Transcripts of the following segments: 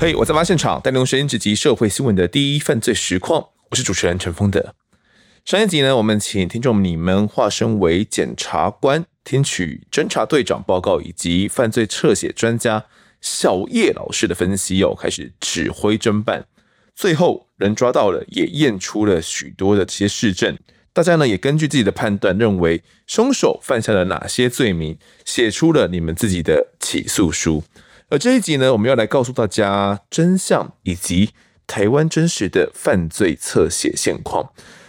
嘿、hey，我在案發現場帶您用聲音直擊社會新聞的第一犯罪實況。我是主持人陳豐德。上一集呢，我們請聽眾你們化身為檢察官，聽取偵查隊長報告以及犯罪側寫專家小葉老師的分析，哦，開始指揮偵辦。最後人抓到了，也驗出了許多的這些事證。大家呢也根據自己的判斷，認為兇手犯下了哪些罪名，寫出了你們自己的起訴書。而這一集呢，我們要來告訴大家真相，以及台灣真實的犯罪側寫現況。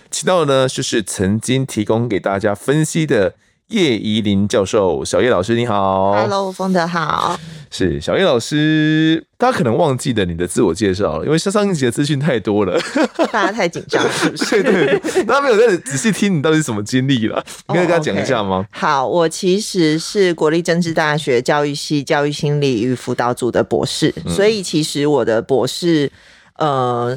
提到呢，就是曾經提供給大家分析的。葉怡伶教授，小葉老師你好，Hello，豐德好，是小葉老師，大家可能忘記了你的自我介紹，因為上上一集的資訊太多了， 大家太緊張了，是不是？ 對，對，對，大家沒有在仔細聽你到底是什麼經歷了， 你可以跟他講一下嗎？Oh, okay. 好，我其實是國立政治大學教育系教育心理與輔導組的博士、嗯，所以其實我的博士，呃。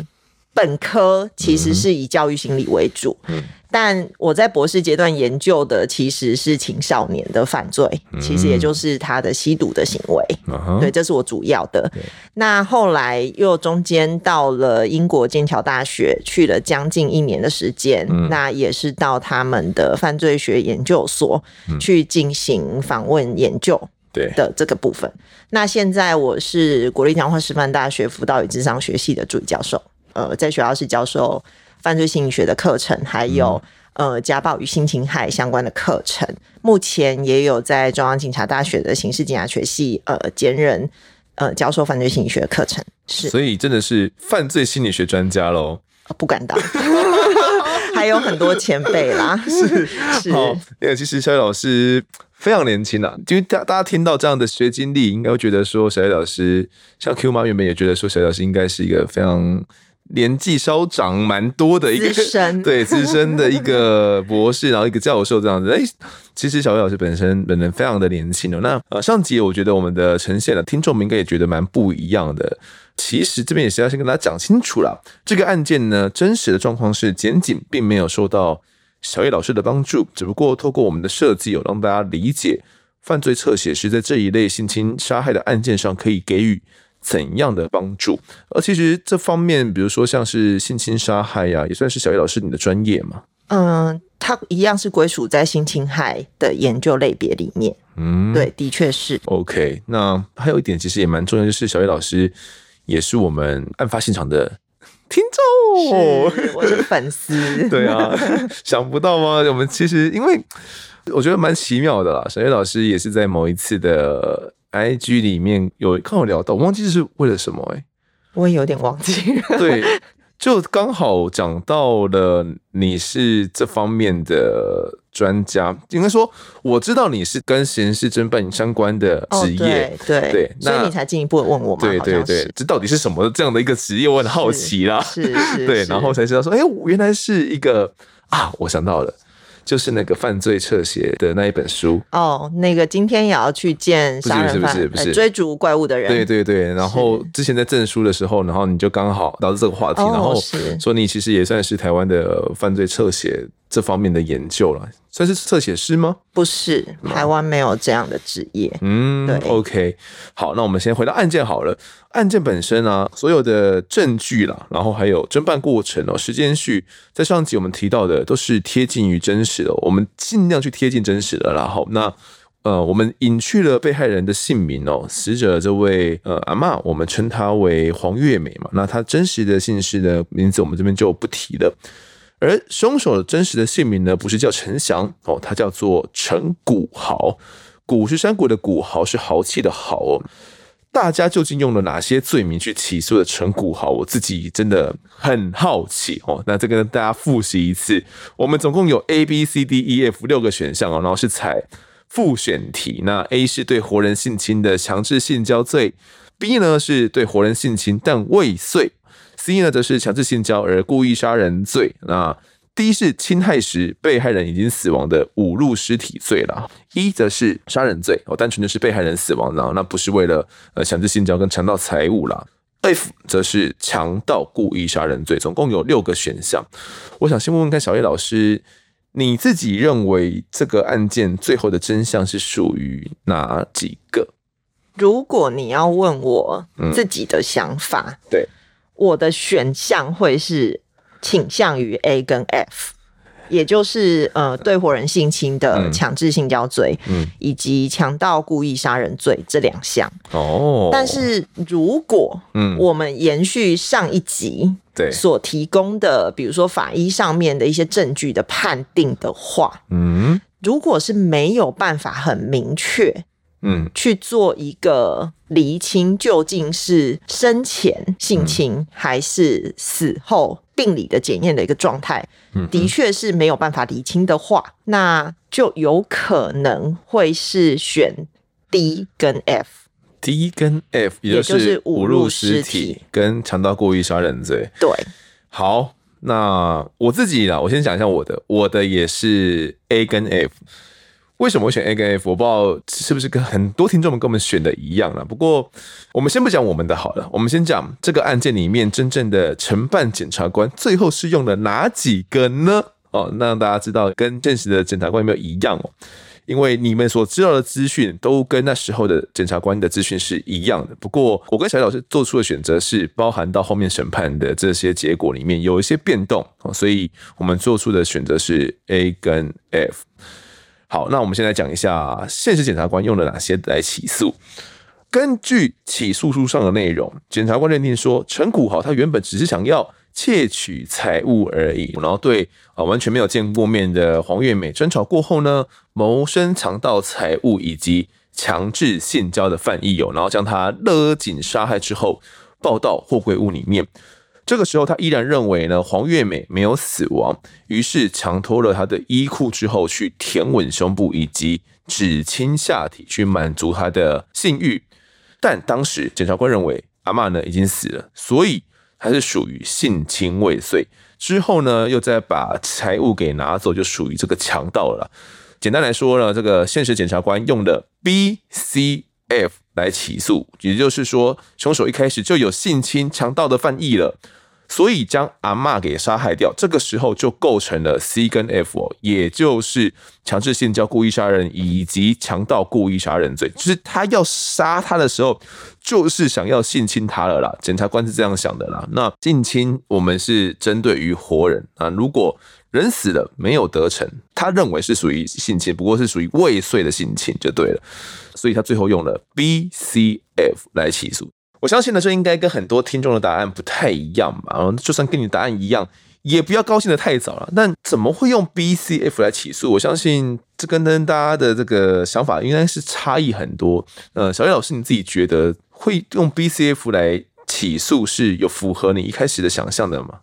本科其實是以教育心理為主，嗯、但我在博士階段研究的其實是青少年的犯罪，嗯、其實也就是他的吸毒的行為。嗯、對，這是我主要的。那後來又中間到了英國劍橋大學去了將近一年的時間、嗯，那也是到他們的犯罪學研究所去進行訪問研究。對的這個部分。那現在我是國立彰化師範大學輔導與諮商學系的助理教授。呃，在學校是教授犯罪心理學的課程，還有、嗯、呃家暴與性侵害相關的課程。目前也有在中央警察大學的刑事警察學系呃兼任呃教授犯罪心理學的課程，是。所以真的是犯罪心理學專家嘍、哦？不敢當， 還有很多前輩啦。是 是。因好個 其實小葉老師非常年輕啊，因為大大家聽到這樣的學經歷，應該會覺得說小葉老師，像 Q 媽原本也覺得說小葉老師應該是一個非常。年紀稍長，蠻多的一個自身 對資深的一個博士，然後一個教授這樣子。哎、欸，其實小葉老師本身本人非常的年輕哦、喔。那呃，上集我覺得我們的呈現的聽眾們應該也覺得蠻不一樣的。其實這邊也是要先跟大家講清楚啦，這個案件呢，真實的狀況是檢警並沒有受到小葉老師的幫助，只不過透過我們的設計，有讓大家理解犯罪側寫師在這一類性侵殺害的案件上可以給予。怎樣的幫助？而其實這方面，比如說像是性侵殺害呀、啊，也算是小葉老師你的專業嘛。嗯，它一樣是歸屬在性侵害的研究類別裡面。嗯，對，的確是。OK，那還有一點其實也蠻重要，就是小葉老師也是我們案發現場的聽眾，我是粉絲。 對啊， 想不到嗎？我們其實因為我覺得蠻奇妙的啦。小葉老師也是在某一次的。I G 裡面有剛好聊到，我忘記是為了什麼、欸、我也有點忘記。 對，就剛好講到了你是這方面的專家，應該說我知道你是跟刑事偵辦相關的職業，哦、對對、對，所以你才進一步問我嘛，對對對，這到底是什麼這樣的一個職業？我很好奇啦， 對，然後才知道說，哎、欸，我原來是一個啊，我想到了。就是那個犯罪側寫的那一本書哦，那個今天也要去見殺人犯，不是不是不是，不是，不是追逐怪物的人，對對對，然後之前在證書的時候，然後你就剛好聊到這個話題，哦，然後說你其實也算是台灣的犯罪側寫。哦這方面的研究了，算是側寫師嗎？不是，台灣沒有這樣的職業。嗯，對。OK，好，那我們先回到案件好了。案件本身啊，所有的證據啦，然後還有偵辦過程哦，時間序，在上集我們提到的都是貼近於真實的，我們盡量去貼近真實的啦。然後，那呃，我們隱去了被害人的姓名哦，死者這位呃阿嬤，我們稱她為黃月美嘛。那她真實的姓氏的名字，我們這邊就不提了。而兇手的真實的姓名呢，不是叫陳翔哦，他叫做陳古豪，古是山谷的古豪，豪是豪氣的豪哦。大家究竟用了哪些罪名去起訴的陳古豪？我自己真的很好奇哦。那再跟大家複習一次，我們總共有 A B C D E F 六個選項哦，然後是採複選題。那 A 是對活人性侵的強制性交罪，B 呢是對活人性侵但未遂。C 呢，則是強製性交而故意殺人罪；那 D 是侵害時被害人已經死亡的侮辱屍體罪了。E 則是殺人罪，哦，單純的是被害人死亡，然後那不是為了呃強製性交跟強盜財物了。F 則是強盜故意殺人罪，總共有六個選項。我想先問問看小葉老師，你自己認為這個案件最後的真相是屬於哪幾個？如果你要問我自己的想法，嗯、對。我的選項會是傾向於 A 跟 F，也就是呃，對活人性侵的強制性交罪，嗯嗯、以及強盜故意殺人罪這兩項。哦，但是如果我們延續上一集所提供的、嗯，比如說法醫上面的一些證據的判定的話，嗯、如果是沒有辦法很明確。嗯，去做一個釐清，究竟是生前性侵還是死後病理的檢驗的一個狀態。嗯，的確是沒有辦法釐清的話，那就有可能會是選 D 跟 F，D 跟 F 也就是侮辱屍體跟強盜故意殺人罪。對，好，那我自己啦，我先講一下我的，我的也是 A 跟 F。為什麼我選 A 跟 F？我不知道是不是跟很多聽眾們跟我們選的一樣了啊。不過我們先不講我們的好了，我們先講這個案件裡面真正的承辦檢察官最後是用了哪幾個呢？哦，讓大家知道跟現實的檢察官有沒有一樣哦？因為你們所知道的資訊都跟那時候的檢察官的資訊是一樣的。不過我跟小葉老師做出的選擇是包含到後面審判的這些結果裡面有一些變動，所以我們做出的選擇是 A 跟 F。好，那我們先來講一下，現實檢察官用了哪些來起訴？根據起訴書上的內容，檢察官認定說，陳古豪他原本只是想要竊取財物而已，然後對啊完全沒有見過面的黃月美爭吵過後呢，謀生強盜財物以及強制性交的犯意有，然後將他勒頸殺害之後，抱到貨櫃屋裡面。這個時候，他依然認為呢，黃月美沒有死亡，於是強脫了他的衣褲之後，去舔吻胸部以及指侵下體，去滿足他的性欲。但當時檢察官認為，阿嬤呢已經死了，所以還是屬於性侵未遂。之後呢，又再把財物給拿走，就屬於這個強盜了。簡單來說呢，這個現實檢察官用的 B、C。F 來起訴，也就是說，凶手一開始就有性侵強盜的犯意了，所以將阿嬤給殺害掉。這個時候就構成了 C 跟 F 哦，也就是強制性交、故意殺人以及強盜故意殺人罪。就是他要殺他的時候，就是想要性侵他了啦。檢察官是這樣想的啦。那性侵我們是針對於活人啊，如果人死了沒有得逞，他認為是屬於性侵，不過是屬於未遂的性侵就對了，所以他最後用了 BCF 來起訴。我相信呢，這應該跟很多聽眾的答案不太一樣吧？然後就算跟你答案一樣，也不要高興的太早了。那怎麼會用 BCF 來起訴？我相信這跟大家的這個想法應該是差異很多。呃，小葉老師，你自己覺得會用 BCF 來起訴是有符合你一開始的想象的嗎？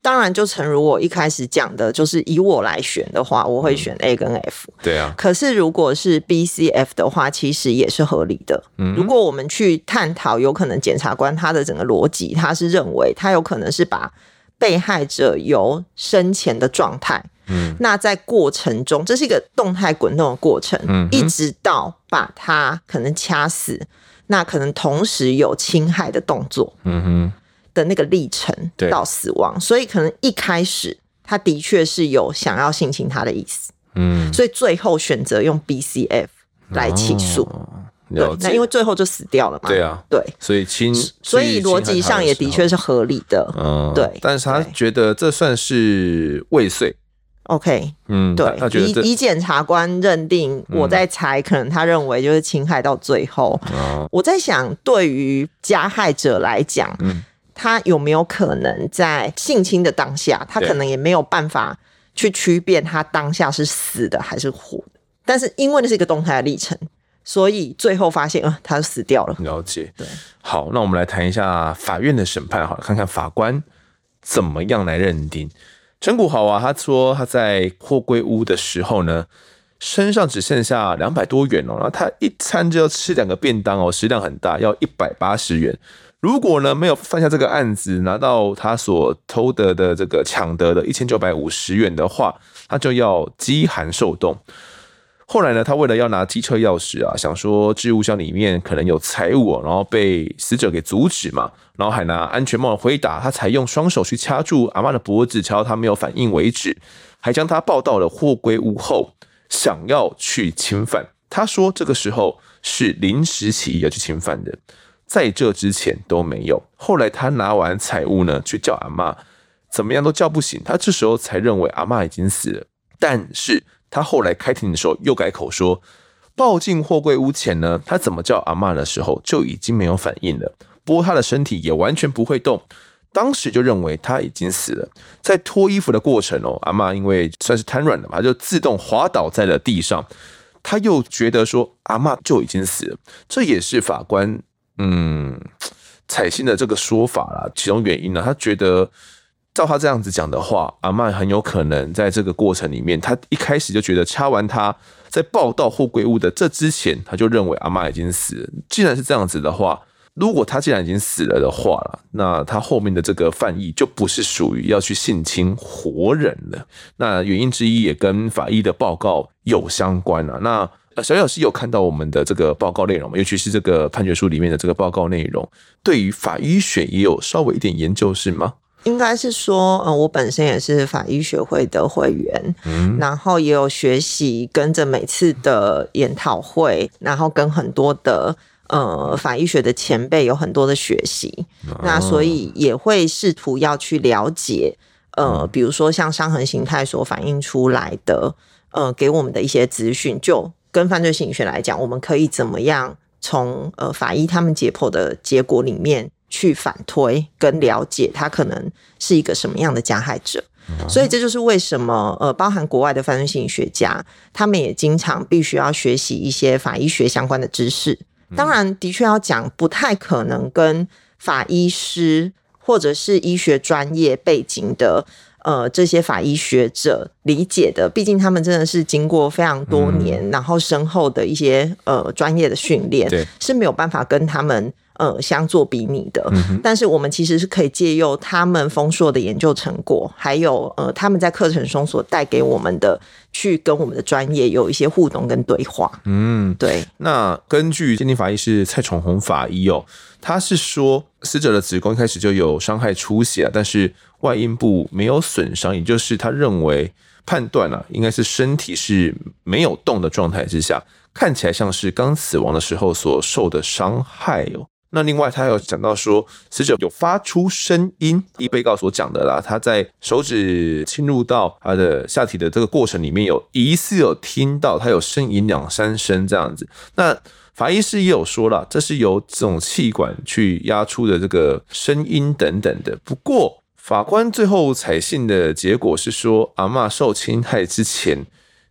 當然，就誠如我一開始講的，就是以我來選的話，我會選 A 跟 F，嗯。對啊。可是如果是 B、C、F 的話，其實也是合理的。嗯。如果我們去探討，有可能檢察官他的整個邏輯，他是認為他有可能是把被害者由生前的狀態，嗯，那在過程中，這是一個動態滾動的過程，嗯，一直到把他可能掐死，那可能同時有侵害的動作，嗯哼。的那個歷程到死亡，所以可能一開始他的確是有想要性侵他的意思，嗯，所以最後選擇用 BCF 來起訴，哦，對，那因為最後就死掉了嘛，對啊，對，所以所以邏輯上也的確是合理的，的，嗯，對，但是他覺得這算是未遂，OK，嗯，對，他他覺得這，以以檢察官認定，我在猜，可能他認為就是侵害到最後，嗯啊，我在想，對於加害者來講，嗯。他有沒有可能在性侵的當下，他可能也沒有辦法去區辨他當下是死的還是活的？但是因為這是一個動態的歷程，所以最後發現，啊、呃，他死掉了。了解，對。好，那我們來談一下法院的審判，好了，看看法官怎麼樣來認定陳古豪啊。他說他在貨櫃屋的時候呢，身上只剩下兩百多元哦，然後他一餐就要吃兩個便當哦，食量很大，要一百八十元。如果呢沒有犯下這個案子，拿到他所偷得的這個搶得的一千九百五十元的話，他就要飢寒受凍。後來呢，他為了要拿機車鑰匙啊，想說置物箱裡面可能有財物啊，然後被死者給阻止嘛，然後還拿安全帽回答。他才用雙手去掐住阿嬤的脖子，掐到他沒有反應為止，還將他抱到了貨櫃屋後，想要去侵犯。他說這個時候是臨時起意要去侵犯的。在這之前都沒有。後來他拿完財物呢，去叫阿嬤，怎麼樣都叫不醒。他這時候才認為阿嬤已經死了。但是他後來開庭的時候又改口說，抱進貨櫃屋前呢，他怎麼叫阿嬤的時候就已經沒有反應了，不過他的身體也完全不會動。當時就認為他已經死了。在脫衣服的過程哦，阿嬤因為算是癱軟了嘛，就自動滑倒在了地上。他又覺得說阿嬤就已經死了，這也是法官。嗯，彩信的這個說法了，其中原因呢、啊，他覺得，照他這樣子講的話，阿嬤很有可能在這個過程裡面，他一開始就覺得掐完他在報道或歸屋的這之前，他就認為阿嬤已經死了。既然是這樣子的話，如果他既然已經死了的話啦，那他後面的這個犯意就不是屬於要去性侵活人了。那原因之一也跟法醫的報告有相關了、啊。那小小是有看到我們的這個報告內容嗎？尤其是這個判決書裡面的這個報告內容，對於法醫學也有稍微一點研究是嗎？應該是說，嗯、呃，我本身也是法醫學會的會員，嗯，然後也有學習跟着每次的研討會，然後跟很多的呃法醫學的前輩有很多的學習、哦，那所以也會試圖要去了解，呃，比如說像傷痕形態所反映出來的，呃，給我們的一些資訊就。跟犯罪心理學來講，我們可以怎麼樣從呃法醫他們解剖的結果裡面去反推跟了解他可能是一個什麼樣的加害者？所以這就是為什麼呃，包含國外的犯罪心理學家，他們也經常必須要學習一些法醫學相關的知識。當然，的確要講不太可能跟法醫師或者是醫學專業背景的。呃，這些法醫學者理解的，畢竟他們真的是經過非常多年，嗯、然後深厚的一些呃專業的訓練，對、是沒有辦法跟他們呃相做比擬的、嗯。但是我們其實是可以借由他們豐碩的研究成果，還有呃他們在課程中所帶給我們的、嗯，去跟我們的專業有一些互動跟對話。嗯，對。那根據鑑定法醫是蔡崇宏法醫哦、喔。他是說，死者的子宮一開始就有傷害出血，但是外陰部沒有損傷，也就是他認為判斷了、啊，應該是身體是沒有動的狀態之下，看起來像是剛死亡的時候所受的傷害哦。那另外，他有講到說，死者有發出聲音，依被告所講的啦，他在手指侵入到他的下體的這個過程裡面，有疑似有聽到他有呻吟兩三聲這樣子。那法醫師也有說啦，這是由這種氣管去壓出的這個聲音等等的。不過，法官最後採信的結果是說，阿嬤受侵害之前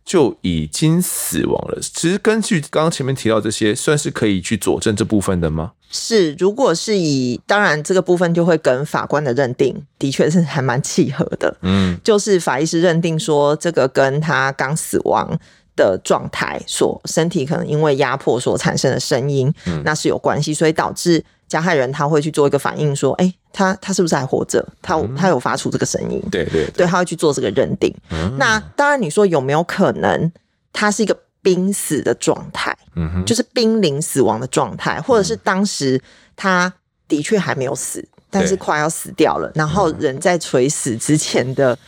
就已經死亡了。其實，根據剛剛前面提到這些，算是可以去佐證這部分的嗎？是，如果是以當然這個部分就會跟法官的認定的確是還蠻契合的。嗯，就是法醫師認定說，這個跟他剛死亡。的狀態所身體可能因為壓迫所產生的聲音、嗯，那是有關係，所以導致加害人他會去做一個反應，說：“哎、欸，他他是不是還活着？他、嗯、他有發出這個聲音？”對對，對，對，他會去做這個認定。嗯、那當然，你說有沒有可能他是一個瀕死的狀態？嗯，就是瀕臨死亡的狀態，或者是當時他的確還沒有死，但是快要死掉了，然後人在垂死之前的。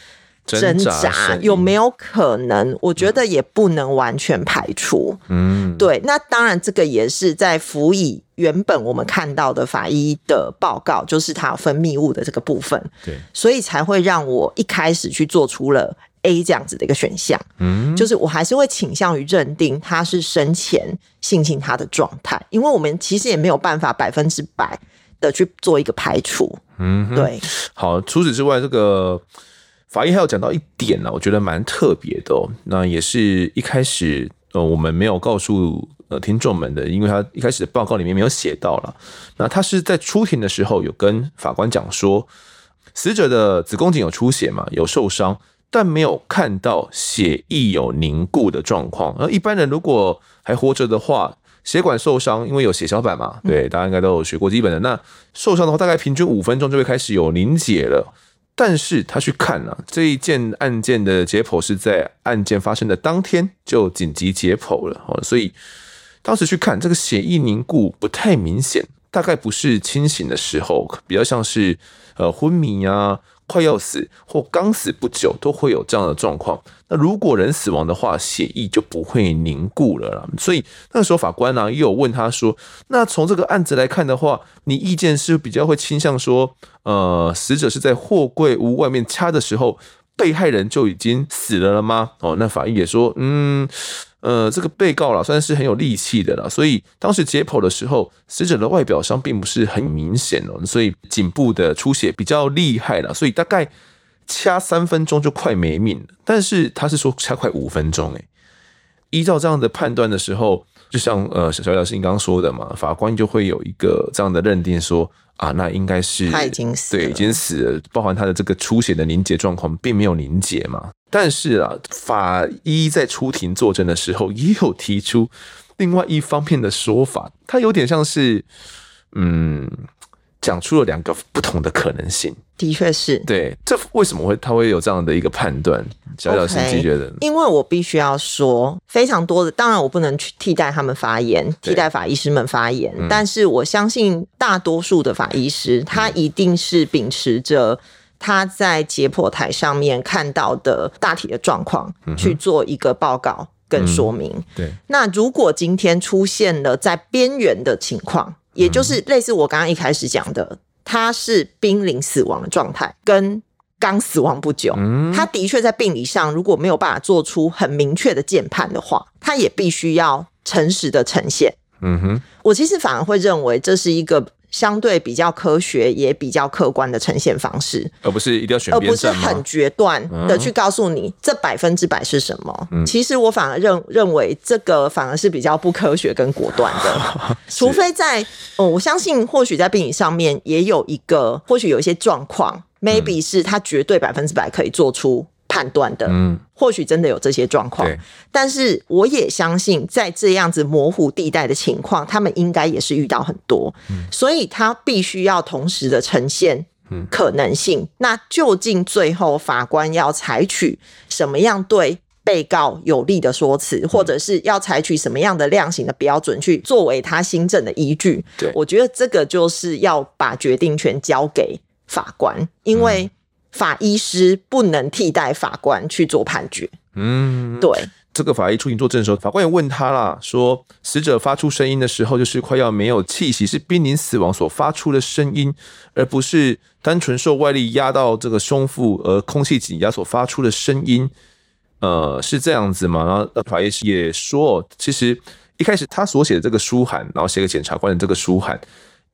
掙扎，掙扎有沒有可能？嗯，我覺得也不能完全排除。嗯，對。那當然，這個也是在輔以原本我們看到的法醫的報告，就是他分泌物的這個部分。對，所以才會讓我一開始去做出了 A 這樣子的一個選項。嗯，就是我還是會傾向於認定他是生前性侵他的狀態，因為我們其實也沒有辦法百分之百的去做一個排除。嗯，對。好，除此之外，這個。法醫還有講到一點呢、啊，我覺得蠻特別的、哦。那也是一開始呃，我們沒有告訴呃聽眾們的，因為他一開始的報告裡面沒有寫到了。那他是在出庭的時候有跟法官講說，死者的子宮頸有出血嘛，有受傷，但沒有看到血液有凝固的狀況。那一般人如果還活着的話，血管受傷，因為有血小板嘛，對，大家應該都有學過基本的。那受傷的話，大概平均五分鐘就會開始有凝結了。但是他去看了、啊、這一件案件的解剖，是在案件發生的當天就緊急解剖了。哦，所以當時去看這個血液凝固不太明顯，大概不是清醒的時候，比較像是呃昏迷啊、快要死或剛死不久都會有這樣的狀況。那如果人死亡的話，血液就不會凝固了啦。所以那個時候法官呢，也有問他說：“那從這個案子來看的話，你意見是比較會傾向說，呃，死者是在貨櫃屋外面掐的時候，被害人就已經死了了嗎？”哦，那法醫也說：“嗯，呃，這個被告啦，算是很有力氣的啦，所以當時解剖的時候，死者的外表上並不是很明顯哦，所以頸部的出血比較厲害了，所以大概。”掐三分鐘就快沒命，但是他是說掐快五分鐘誒、欸、依照這樣的判斷的時候，就像呃小葉老師你剛剛說的嘛，法官就會有一個這樣的認定說啊，那應該是他已經死了，對，已經死了。包含他的這個出血的凝結狀況並沒有凝結嘛。但是啊，法醫在出庭作證的時候也有提出另外一方面的說法，他有點像是嗯。講出了兩個不同的可能性，的確是。對，這為什麼會他會有這樣的一個判斷？小小心機覺得，okay, 因為我必須要說非常多的，當然我不能去替代他們發言，替代法醫師們發言，但是我相信大多數的法醫師，嗯，他一定是秉持着他在解剖台上面看到的大體的狀況，嗯，去做一個報告跟說明，嗯。對，那如果今天出現了在邊緣的情況。也就是類似我剛剛一開始講的，他是瀕臨死亡的狀態，跟剛死亡不久。他的確在病理上，如果沒有辦法做出很明確的鑑判的話，他也必須要誠實的呈現。嗯哼，我其實反而會認為這是一個。相對比較科學也比較客觀的呈現方式，而不是一定要選，而不是很決斷的去告訴你這百分之百是什麼，嗯。其實我反而認認為這個反而是比較不科學跟果斷的， 除非在哦、嗯，我相信或許在病理上面也有一個，或許有一些狀況，maybe、嗯、是它絕對百分之百可以做出，判斷的，嗯，或許真的有這些狀況，但是我也相信，在這樣子模糊地帶的情況，他們應該也是遇到很多，嗯，所以他必須要同時的呈現可能性。嗯、那究竟最後法官要採取什麼樣對被告有利的說辭、嗯，或者是要採取什麼樣的量刑的標準去作為他心證的依據？對，我覺得這個就是要把決定權交給法官，因為、嗯。法醫師不能替代法官去做判決。嗯，對。這個法醫出庭作證的時候，法官也問他啦，說死者發出聲音的時候，就是快要沒有氣息，是瀕臨死亡所發出的聲音，而不是單純受外力壓到這個胸腹而空氣擠壓所發出的聲音。呃，是這樣子嗎？然後法醫師也說，其實一開始他所寫的這個書函，然後寫給檢察官的這個書函，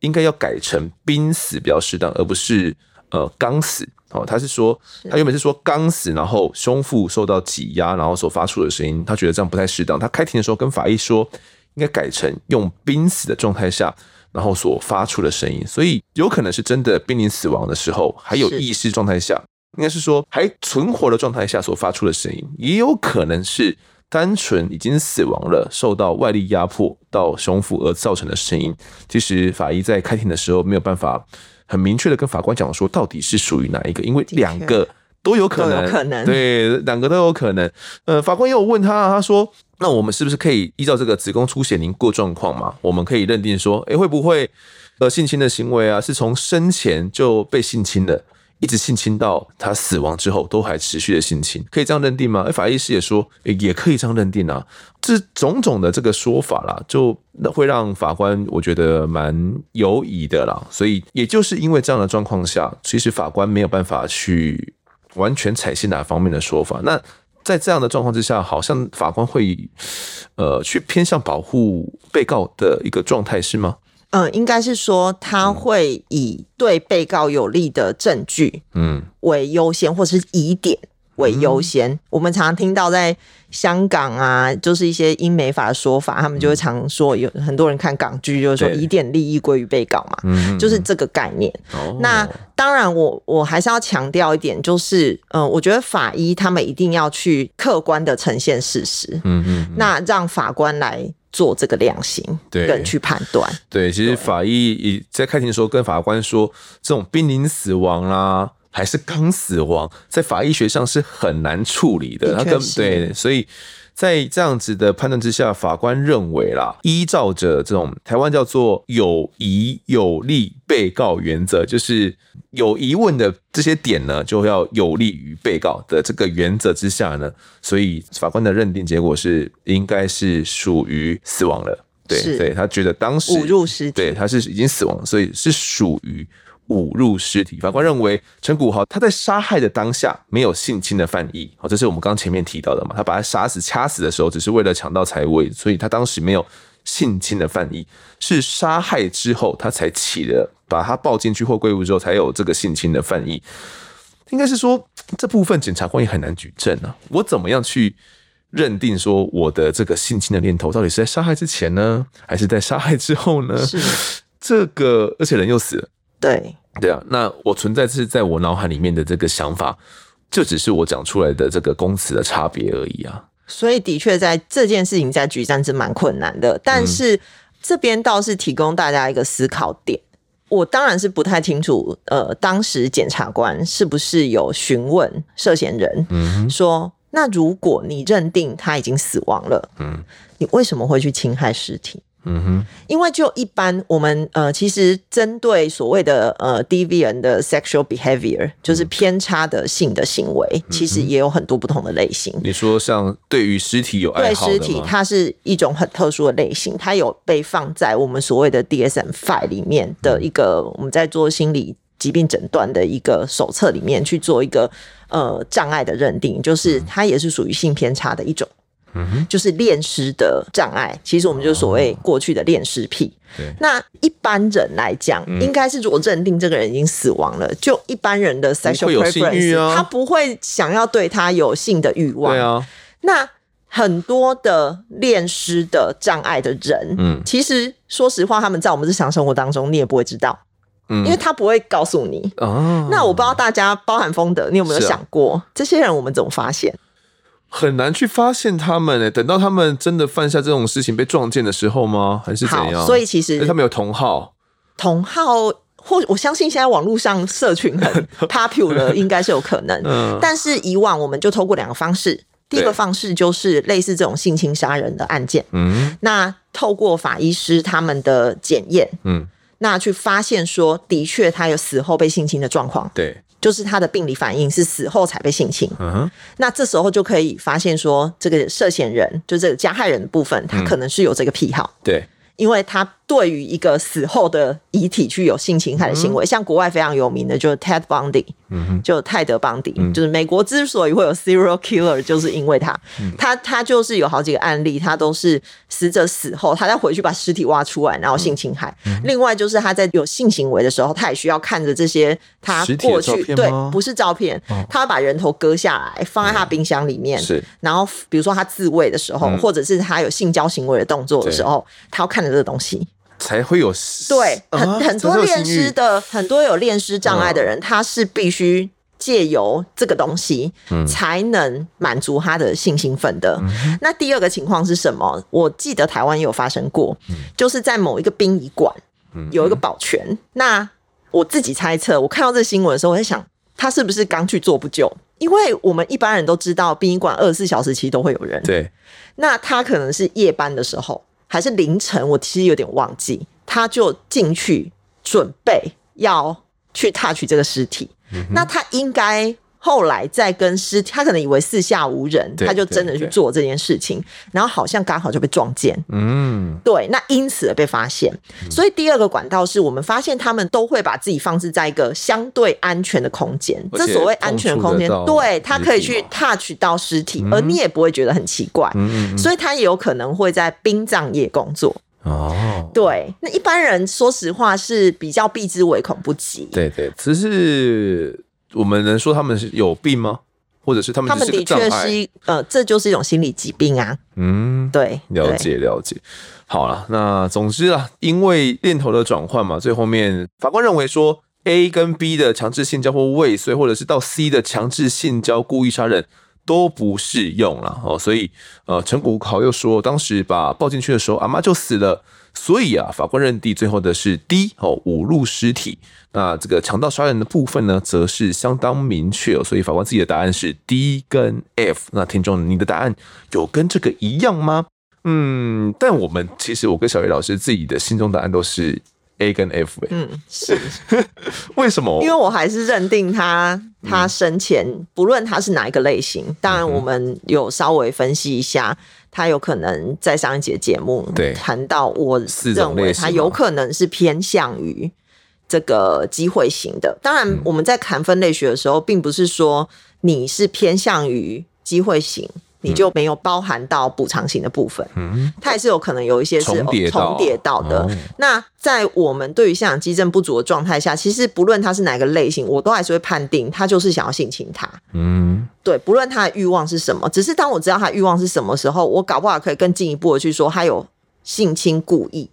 應該要改成“瀕死”比較適當，而不是。呃，剛死哦，他是說，他原本是說剛死，然後胸腹受到擠壓，然後所發出的聲音，他覺得這樣不太適當。他開庭的時候跟法醫說，應該改成用瀕死的狀態下，然後所發出的聲音。所以有可能是真的瀕臨死亡的時候還有意識狀態下，應該是說還存活的狀態下所發出的聲音，也有可能是單純已經死亡了，受到外力壓迫到胸腹而造成的聲音。其實法醫在開庭的時候沒有辦法，很明確的跟法官講說，到底是屬於哪一個？因為兩個都有可能，都有可能，對，兩個都有可能。呃，法官也有問他、啊，他說：“那我們是不是可以依照這個子宮出血凝固狀況嘛？我們可以認定說，誒、欸，會不會呃性侵的行為啊，是從生前就被性侵的？”一直性侵到他死亡之後，都還持續的性侵，可以這樣認定嗎？欸，法醫師也說，欸，也可以這樣認定啊。這種種的這個說法啦，就那會讓法官我覺得蠻猶疑的啦。所以，也就是因為這樣的狀況下，其實法官沒有辦法去完全採信哪方面的說法。那在這樣的狀況之下，好像法官會呃去偏向保護被告的一個狀態，是嗎？嗯、呃，應該是說他會以對被告有利的證據，嗯，為優先，或者是疑點為優先。我們常常聽到在香港啊，就是一些英美法的說法，嗯、他們就會常說，有很多人看港劇，就是說疑點利益歸於被告嘛、嗯，就是這個概念。嗯、那當然我，我我還是要強調一點，就是，嗯、呃，我覺得法醫他們一定要去客觀的呈現事實，嗯嗯，那讓法官來。做這個量刑，對，跟去判斷，對，其實法醫在開庭的時候跟法官說，這種瀕臨死亡啦，啊，還是剛死亡，在法醫學上是很難處理的，他對，所以。在這樣子的判斷之下，法官認為啦，依照着這種台灣叫做有疑有利被告原則，就是有疑問的這些點呢，就要有利於被告的這個原則之下呢，所以法官的認定結果是應該是屬於死亡了。對，對他覺得當時，侮辱屍體。對，他是已經死亡，所以是屬於。侮辱屍體，法官認為陳谷豪他在殺害的當下沒有性侵的犯意，好，這是我們剛前面提到的嘛？他把他殺死、掐死的時候，只是為了搶到財物，所以他當時沒有性侵的犯意，是殺害之後他才起了，把他抱進去貨櫃屋之後才有這個性侵的犯意，應該是說這部分檢察官也很難舉證啊。我怎麼樣去認定說我的這個性侵的念頭到底是在殺害之前呢，還是在殺害之後呢？是這個，而且人又死了。對對啊，那我存在是在我腦海裡面的這個想法，就只是我講出來的這個公詞的差別而已啊。所以的確在這件事情在舉證是蠻困難的，但是這邊倒是提供大家一個思考點，嗯。我當然是不太清楚，呃，當時檢察官是不是有詢問涉嫌人說，說、嗯、那如果你認定他已經死亡了，嗯，你為什麼會去侵害屍體？嗯哼，因為就一般我們呃，其實針對所謂的呃 Deviant 的 sexual behavior，就是偏差的性的行為，嗯、其實也有很多不同的類型。嗯、你說像對於屍體有愛好嗎？對屍體它是一種很特殊的類型，它有被放在我們所謂的 D S M Five 裡面的一個、嗯、我們在做心理疾病診斷的一個手冊裡面去做一個呃障礙的認定，就是它也是屬於性偏差的一種。嗯 就是戀屍的障礙，其實我們就所謂過去的戀屍癖、哦。那一般人來講，嗯、應該是如果認定這個人已經死亡了，嗯、就一般人的 sexual preference，、啊、他不會想要對他有性的欲望、啊。那很多的戀屍的障礙的人，嗯，其實說實話，他們在我們的日常生活當中，你也不會知道、嗯，因為他不會告訴你。哦，那我不知道大家，包含豐德，你有沒有想過，是啊、這些人我們怎麼發現？很難去發現他們誒、欸，等到他們真的犯下這種事情被撞見的時候嗎？還是怎樣？所以其實他們有同好，同好或我相信現在網絡上社群很 popular，應該是有可能、 嗯。但是以往我們就透過兩個方式，第一個方式就是類似這種性侵殺人的案件，嗯，那透過法醫師他們的檢驗，嗯，那去發現說的確他有死後被性侵的狀況，對。就是他的病理反應是死後才被性侵。嗯，那這時候就可以發現說這個涉嫌人，就這個加害人的部分，他可能是有這個癖好，嗯，對，因為他。對於一個死後的遺體去有性侵害的行為，嗯、像國外非常有名的，就是 Ted Bundy，、嗯、就泰德·邦迪、嗯，就是美國之所以會有 serial killer，就是因為他，嗯、他他就是有好幾個案例，他都是死者死後，他再回去把屍體挖出來，然後性侵害、嗯嗯。另外就是他在有性行為的時候，他也需要看着這些他過去，對，不是照片，哦、他要把人頭割下來放在他冰箱裡面，然後比如說他自慰的時候、嗯，或者是他有性交行為的動作的時候，他要看着這個東西。才會有對很、啊、很多戀屍的很多有戀屍障礙的人、啊，他是必須借由這個東西、嗯、才能滿足他的性興奮的、嗯。那第二個情況是什麼？我記得台灣也有發生過、嗯，就是在某一個殯儀館有一個保全。嗯、那我自己猜測，我看到這個新聞的時候，我在想他是不是剛去做不久？因為我們一般人都知道，殯儀館二十四小時其實都會有人。對，那他可能是夜班的時候。還是凌晨，我其實有點忘記，他就進去準備要去 touch 這個屍體、嗯，那他應該。後來再跟屍體，他可能以為四下無人，他就真的去做這件事情。對對對對，然後好像剛好就被撞見。嗯，對，那因此而被發現。嗯、所以第二個管道是我們發現他們都會把自己放置在一個相對安全的空間，這所謂安全的空間，對，他可以去 touch 到屍體，嗯、而你也不會覺得很奇怪。嗯嗯嗯，所以他也有可能會在殯葬業工作。哦，對，那一般人說實話是比較避之唯恐不及。對對，對，只是。我們能說他們是有病嗎？或者是他們是？他們的確是，呃，這就是一種心理疾病啊。嗯，對，對，了解了解。好了，那總之啊，因為念頭的轉換嘛，最後面法官認為說，A 跟 B 的強制性交或未遂，或者是到 C 的強制性交故意殺人，都不適用了哦。所以，呃，陳古考又說，當時把抱進去的時候，阿嬤就死了。所以啊，法官認定最後的是 D 哦，侮辱屍體。那這個強盜殺人的部分呢，則是相當明確哦。所以法官自己的答案是 D 跟 F。那聽眾，你的答案有跟這個一樣嗎？嗯，但我們其實我跟小葉老師自己的心中答案都是 A 跟 F 唄。嗯，是。是 為什麼？因為我還是認定他他生前、嗯、不論他是哪一個類型。當然，我們有稍微分析一下。他有可能在上一節節目談到，我認為他有可能是偏向於這個機會型的。當然，我們在談分類學的時候，並不是說你是偏向於機會型。你就沒有包含到補償型的部分，嗯，它也是有可能有一些是重疊到、哦、重疊到的、嗯。那在我們對於現場跡證不足的狀態下，其實不論他是哪個類型，我都還是會判定他就是想要性侵他。嗯，對，不論他的欲望是什麼，只是當我知道他欲望是什麼時候，我搞不好可以更進一步的去說他有性侵故意。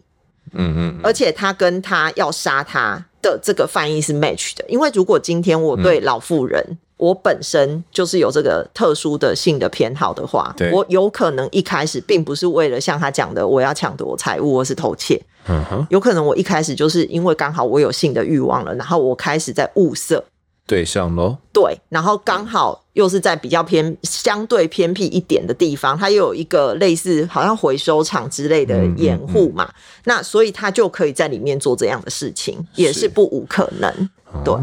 嗯嗯，而且他跟他要殺他的這個犯意是 match 的，因為如果今天我對老婦人。嗯我本身就是有這個特殊的性的偏好的話，我有可能一開始並不是為了像他講的我要搶奪財物，或是偷竊。嗯哼，有可能我一開始就是因為剛好我有性的慾望了，然後我開始在物色對象嘍。對，然後剛好又是在比較偏相對偏僻一點的地方，它又有一個類似好像回收場之類的掩護嘛，嗯嗯嗯，那所以他就可以在裡面做這樣的事情，也是不無可能。對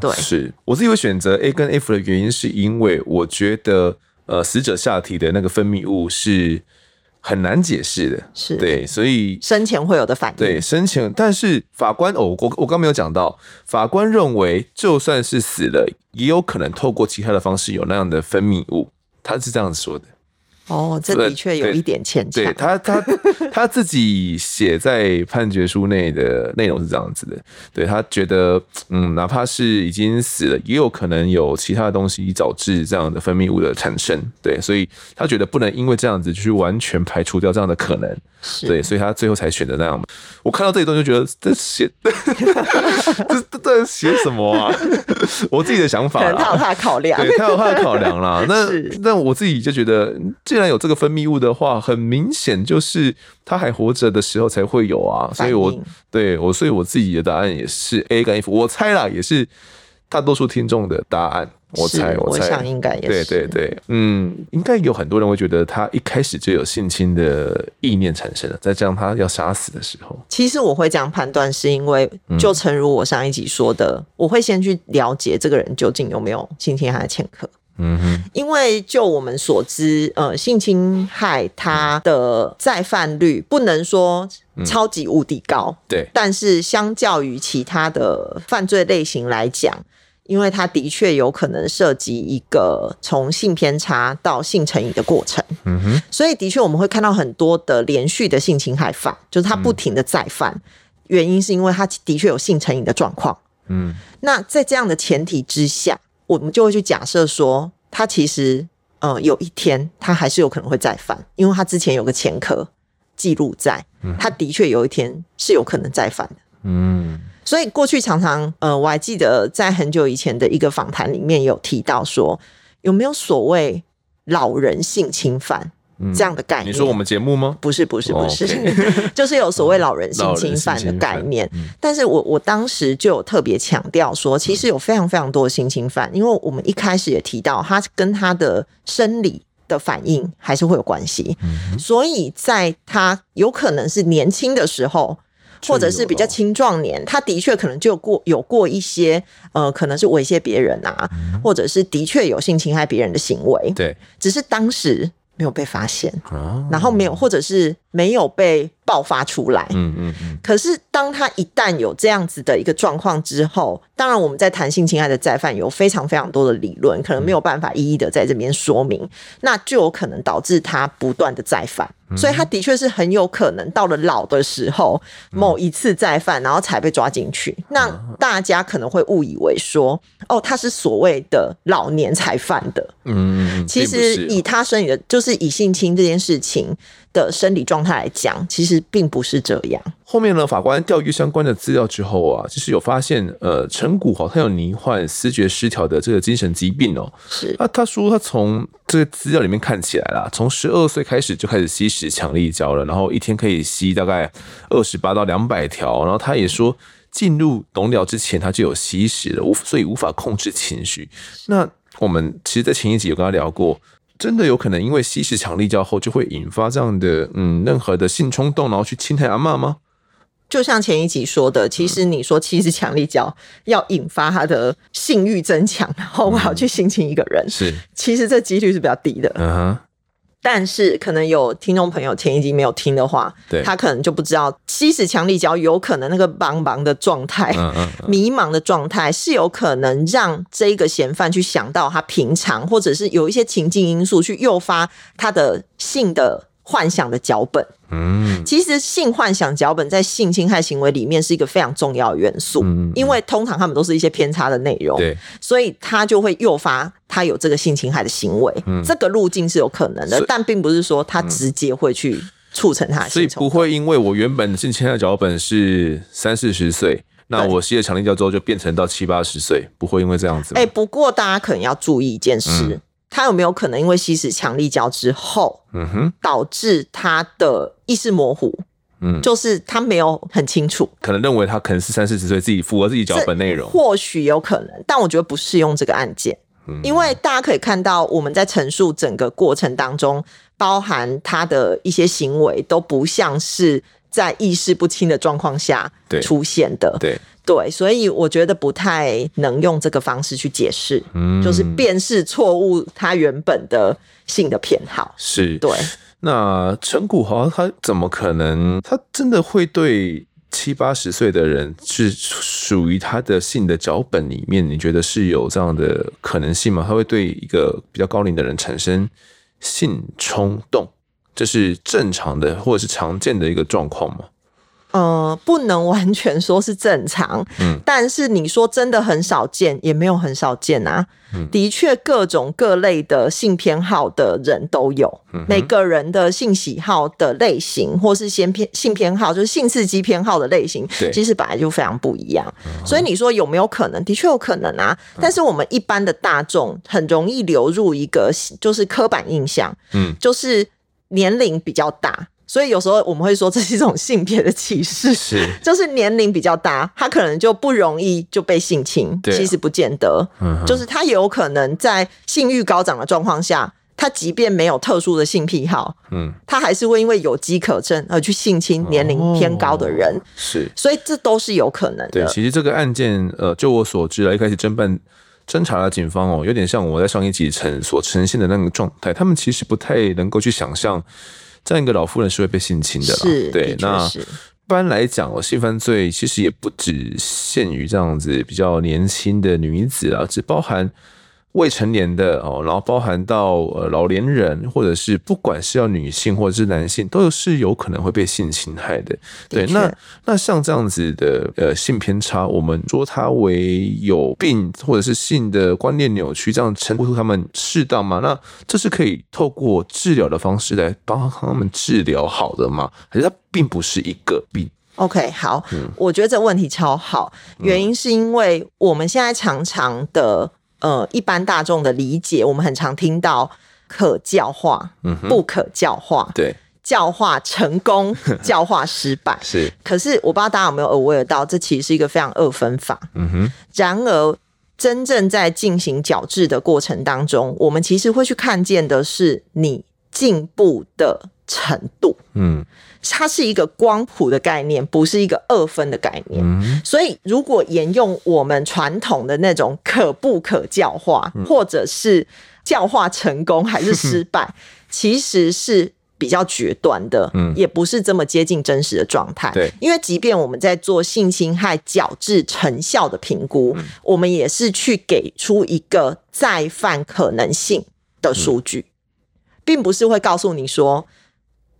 對，是我自己會選擇 A 跟 F 的原因，是因為我覺得，呃，死者下體的那個分泌物是很難解釋的，是，對，所以生前會有的反應，對，生前，但是法官，哦，我我我剛剛沒有講到，法官認為，就算是死了，也有可能透過其他的方式有那樣的分泌物，他是這樣子說的。哦，這的確有一點欠缺。對，對他，他他自己寫在判決書內的內容是這樣子的。對，他覺得，嗯，哪怕是已經死了，也有可能有其他的東西導致這樣的分泌物的產生。對，所以他覺得不能因為這樣子去完全排除掉這樣的可能。對，所以他最後才選擇那樣。我看到這一段就覺得這寫 這這在寫什麼啊？ 我自己的想法啊，他有他的考量，對，他有他的考量了。那那我自己就覺得這。那有這個分泌物的話，很明顯就是他還活着的時候才會有啊。所以我，我對我，所以我自己的答案也是 A 跟 F。我猜啦，也是大多數聽眾的答案。我猜，我猜，我想應該也是。對對對，嗯，應該有很多人會覺得他一開始就有性侵的意念產生了，在這樣他要殺死的時候。其實我會這樣判斷，是因為就誠如我上一集說的，嗯，我會先去了解這個人究竟有沒有性侵他的前科。嗯哼，因為就我們所知，呃，性侵害它的再犯率不能說超級無敵高，嗯，對。但是相較於其他的犯罪類型來講，因為他的確有可能涉及一個從性偏差到性成癮的過程，嗯哼。所以的確我們會看到很多的連續的性侵害犯，就是他不停的再犯，嗯，原因是因為他的確有性成癮的狀況，嗯。那在這樣的前提之下。我們就會去假設說，他其實，呃，有一天他還是有可能會再犯，因為他之前有個前科記錄在，他的確有一天是有可能再犯的。嗯，所以過去常常，呃，我還記得在很久以前的一個訪談裡面有提到說，有沒有所謂老人性侵犯？這樣的概念。嗯，你說我們節目嗎？不是，不是，不是。oh, okay. 就是有所謂老人性侵犯的概念。嗯，但是我我當時就有特別強調說，其實有非常非常多的性侵犯，嗯，因為我們一開始也提到，他跟他的生理的反應還是會有關係。嗯，所以在他有可能是年輕的時候，或者是比較青壯年，他的確可能就有過有過一些呃，可能是猥褻別人啊，嗯，或者是的確有性侵害別人的行為。對，只是當時。沒有被發現，然後沒有，或者是沒有被爆發出來。嗯嗯，嗯，可是，當他一旦有這樣子的一個狀況之後，當然我們在談性侵害的再犯，有非常非常多的理論，可能沒有辦法一一的在這邊說明，嗯、那就有可能導致他不斷的再犯。所以他的確是很有可能到了老的時候，某一次再犯，然後才被抓進去、嗯。那大家可能會誤以為說，哦，他是所謂的老年才犯的。嗯，哦、其實以他生理的就是以性侵這件事情，的生理狀態來講，其實並不是這樣。後面呢，法官調閱相關的資料之後啊，其實有發現，呃，陳谷哈他有罹患思覺失調的這個精神疾病哦。是啊，他說他從這個資料裡面看起來啦，從十二歲開始就開始吸食強力膠了，然後一天可以吸大概二十八到兩百條，然後他也說進入東療之前他就有吸食了，無所以無法控制情緒。那我們其實，在前一集有跟他聊過。真的有可能因為吸食強力膠後就會引發這樣的嗯任何的性衝動，然後去侵害阿嬤嗎？就像前一集說的，其實你說吸食強力膠、嗯、要引發他的性慾增強，然後我要去性侵一個人、嗯，是，其實這幾率是比較低的。嗯哼。但是可能有聽眾朋友前一集沒有聽的話，對，他可能就不知道，吸食強力膠有可能那個茫茫的狀態、嗯嗯嗯、迷茫的狀態是有可能讓這一個嫌犯去想到他平常，或者是有一些情境因素去誘發他的性的。幻想的腳本，嗯，其實性幻想腳本在性侵害行為裡面是一個非常重要的元素，嗯嗯、因為通常他們都是一些偏差的內容，對，所以他就會誘發他有這個性侵害的行為，嗯、這個路徑是有可能的，但並不是說他直接會去促成他的，所以不會因為我原本性侵害腳本是三四十歲，那我吸了強力膠之後就變成到七八十歲，不會因為這樣子、欸，不過大家可能要注意一件事。嗯他有沒有可能因為吸食強力膠之後，嗯哼，導致他的意識模糊？嗯，就是他沒有很清楚，可能認為他可能是三四十歲自己符合自己腳本內容，或許有可能，但我覺得不適用這個案件，嗯，因為大家可以看到我們在陳述整個過程當中，包含他的一些行為都不像是在意識不清的狀況下出現的，對。對對，所以我覺得不太能用這個方式去解釋。嗯，就是辨識錯誤他原本的性的偏好。是對。那陳谷華他怎麼可能？他真的會對七八十歲的人是屬於他的性的腳本裡面？你覺得是有這樣的可能性嗎？他會對一個比較高齡的人產生性衝動，這，就是正常的或者是常見的一個狀況嗎？呃，不能完全說是正常，嗯，但是你說真的很少見，也沒有很少見啊。嗯，的確各種各類的性偏好的人都有，嗯，每個人的性喜好的類型，或是性偏性偏好，就是性刺激偏好的類型，對，其實本來就非常不一樣，嗯。所以你說有沒有可能？的確有可能啊，嗯。但是我們一般的大眾很容易流入一個就是刻板印象，嗯，就是年齡比較大。所以有時候我們會說這是一種性別的歧視，是就是年齡比較大，他可能就不容易就被性侵。對、啊，其實不見得，嗯，就是他也有可能在性慾高漲的狀況下，他即便沒有特殊的性癖好，嗯，他還是會因為有機可乘而去性侵年齡偏高的人、嗯哦。是，所以這都是有可能的。對，其實這個案件，呃，就我所知啊，一開始偵辦偵查的警方哦，有點像我在上一集呈所呈現的那個狀態，他們其實不太能夠去想象。這樣一個老婦人是會被性侵的啦，對。那一般來講，性犯罪其實也不只限於這樣子比較年輕的女子啦，只包含。未成年的哦，然後包含到、呃、老年人，或者是不管是要女性或者是男性，都是有可能會被性侵害的。的確。對，那那像這樣子的呃性偏差，我們說它為有病或者是性的觀念扭曲，這樣稱呼他們適當嗎？那這是可以透過治療的方式來幫他們治療好的嗎？可是它並不是一個病？OK，好、嗯，我覺得這問題超好，原因是因為我們現在常常的。呃，一般大眾的理解，我們很常聽到“可教化”“嗯，不可教化”，對，教化成功，教化失敗， 是。可是我不知道大家有沒有耳聞到，這其實是一個非常二分法。嗯哼。然而，真正在進行矯治的過程當中，我們其實會去看見的是你進步的程度，嗯，它是一個光譜的概念，不是一個二分的概念，嗯，所以如果沿用我們傳統的那種可不可教化，嗯，或者是教化成功還是失敗，呵呵，其實是比較決斷的，嗯，也不是這麼接近真實的狀態，對，因為即便我們在做性侵害矯治成效的評估，嗯，我們也是去給出一個再犯可能性的數據，嗯，並不是會告訴你說。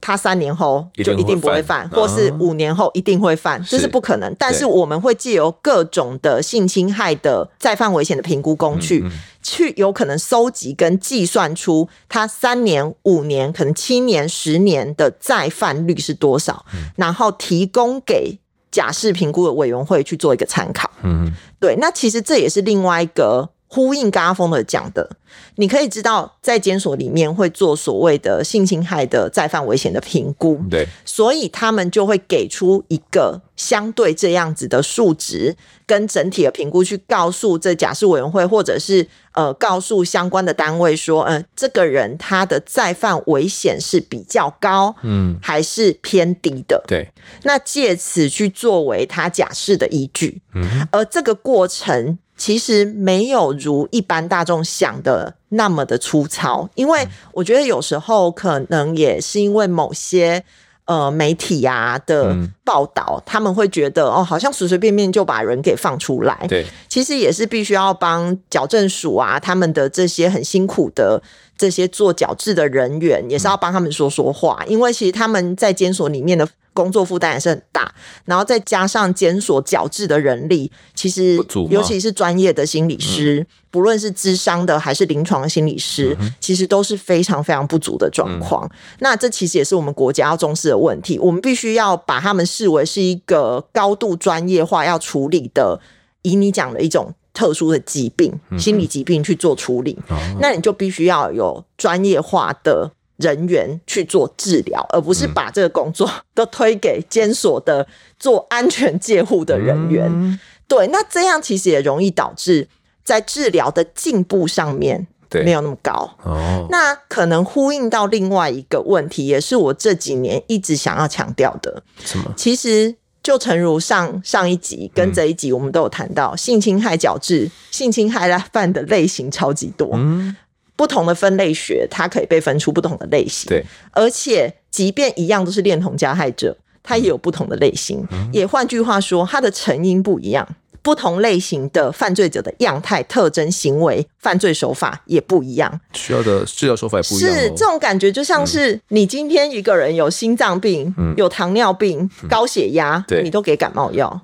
他三年後就一定不會犯，一定會犯，或是五年後一定會犯，啊，這是不可能。是，但是我們會借由各種的性侵害的再犯危險的評估工具，去有可能收集跟計算出他三年、五年、可能七年、十年的再犯率是多少，嗯，然後提供給假釋評估的委員會去做一個參考。嗯，對，那其實這也是另外一個。呼應阿峰的講的，你可以知道，在監所裡面會做所謂的性侵害的再犯危險的評估，對，所以他們就會給出一個相對這樣子的數值，跟整體的評估去告訴這假釋委員會，或者是呃，告訴相關的單位說，嗯、呃，這個人他的再犯危險是比較高，嗯，還是偏低的，對，那借此去作為他假釋的依據，嗯，而這個過程。其實沒有如一般大眾想的那麼的粗糙，因為我覺得有時候可能也是因為某些呃媒體啊的報道、嗯，他們會覺得哦，好像隨隨便便就把人給放出來。對，其實也是必須要幫矯正署啊他們的這些很辛苦的這些做矯治的人員，也是要幫他們說說話、嗯，因為其實他們在監所裡面的。工作負擔也是很大，然後再加上監所矯治的人力，其實尤其是專業的心理師，不論是諮商的還是臨床的心理師，其實都是非常非常不足的狀況。那這其實也是我們國家要重視的問題。我們必須要把他們視為是一個高度專業化要處理的，以你講的一種特殊的疾病——心理疾病去做處理。那你就必須要有專業化的。人員去做治療，而不是把這個工作都推給監所的、嗯、做安全戒護的人員、嗯。對，那這樣其實也容易導致在治療的進步上面，沒有那麼高。哦，那可能呼應到另外一個問題，也是我這幾年一直想要強調的。什麼？其實就誠如上上一集跟這一集，我們都有談到、嗯、性侵害矯治，性侵害的犯的類型超級多。嗯。不同的分類學，它可以被分出不同的類型。對，而且即便一樣都是戀童加害者，它也有不同的類型。嗯、也換句話說，它的成因不一樣，不同類型的犯罪者的樣態、特徵、行為、犯罪手法也不一樣。需要的治療手法也不一樣、哦。是這種感覺，就像是、嗯、你今天一個人有心臟病、嗯、有糖尿病、高血壓、嗯，你都給感冒藥，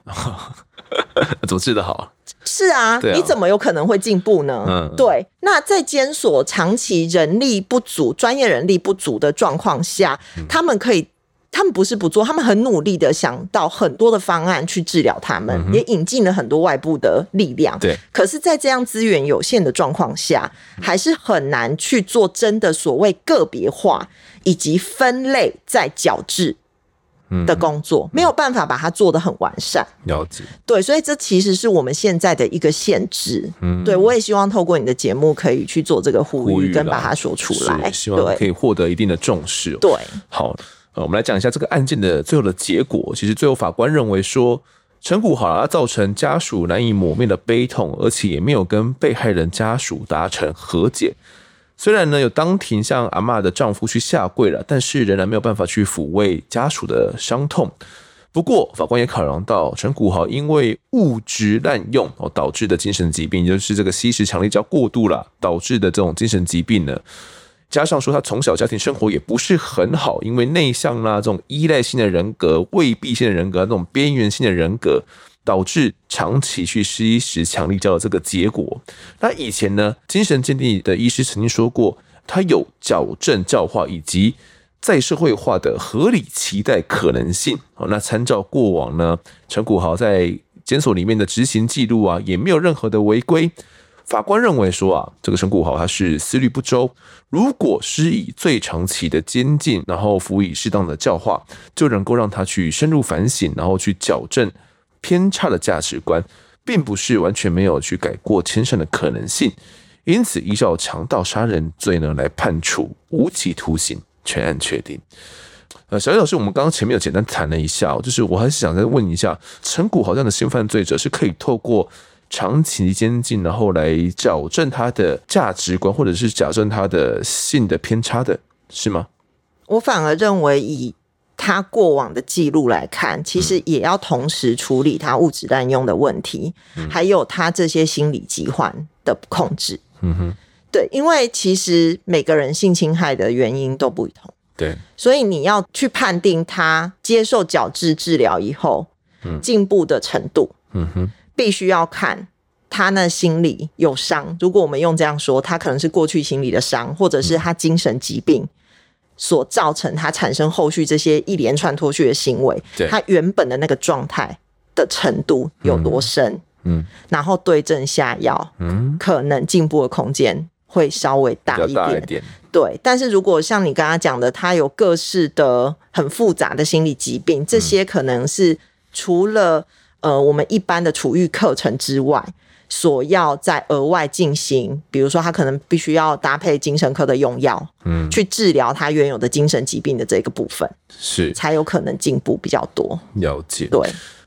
怎麼治得好？是啊，啊，你怎麼有可能會進步呢？嗯、對，那在監所長期人力不足、專業人力不足的狀況下，他們可以，他們不是不做，他們很努力的想到很多的方案去治療他們、嗯，也引進了很多外部的力量。對，可是，在這樣資源有限的狀況下，還是很難去做真的所謂個別化以及分類再矯治。嗯、的工作沒有辦法把它做得很完善，了解，對，所以這其實是我們現在的一個限制。嗯、對我也希望透過你的節目可以去做這個呼籲，跟把它說出來，希望可以獲得一定的重視，喔。對，好，呃，我們來講一下這個案件的最後的結果。其實最後法官認為說，陳古好了，造成家屬難以磨滅的悲痛，而且也沒有跟被害人家屬達成和解。雖然呢，有當庭向阿嬤的丈夫去下跪了，但是仍然沒有辦法去撫慰家屬的傷痛。不過法官也考量到陳古豪因為物質濫用而導致的精神疾病，就是這個吸食強力膠過度了導致的這種精神疾病呢，加上說他從小家庭生活也不是很好，因為內向啦、啊、這種依賴性的人格、未必性的人格、那種邊緣性的人格。導致長期去施以時強力膠的這個結果。那以前呢，精神鑑定的醫師曾經說過，他有矯正教化以及再社會化的合理期待可能性。那參照過往呢，陳古豪在監所裡面的執行記錄啊，也沒有任何的違規。法官認為說啊，這個陳古豪他是思慮不周，如果施以最長期的監禁，然後輔以適當的教化，就能夠讓他去深入反省，然後去矯正偏差的價值觀，並不是完全沒有去改過遷善的可能性，因此依照強盜殺人罪呢，來判處無期徒刑，全案確定。呃，小葉老師，我們剛剛前面有簡單談了一下，就是我還是想再問一下，成骨好像的性犯罪者是可以透過長期監禁，然後來矯正他的價值觀，或者是矯正他的性的偏差的，是嗎？我反而認為以他過往的記錄來看，其實也要同時處理他物質濫用的問題、嗯，還有他這些心理疾患的控制。嗯哼，對，因為其實每個人性侵害的原因都不一同。對，所以你要去判定他接受矯治治療以後、嗯、進步的程度。嗯哼，必須要看他那心理有傷。如果我們用這樣說，他可能是過去心理的傷，或者是他精神疾病。嗯所造成他產生後續這些一連串脫序的行為，他原本的那個狀態的程度有多深？嗯，嗯然後對症下藥，嗯，可能進步的空間會稍微大一點，比較大一點。對，但是如果像你剛剛講的，他有各式的很複雜的心理疾病，這些可能是除了、嗯、呃我們一般的處遇課程之外。所要再額外進行，比如說他可能必須要搭配精神科的用藥，嗯，去治療他原有的精神疾病的這個部分，是才有可能進步比較多。了解，對，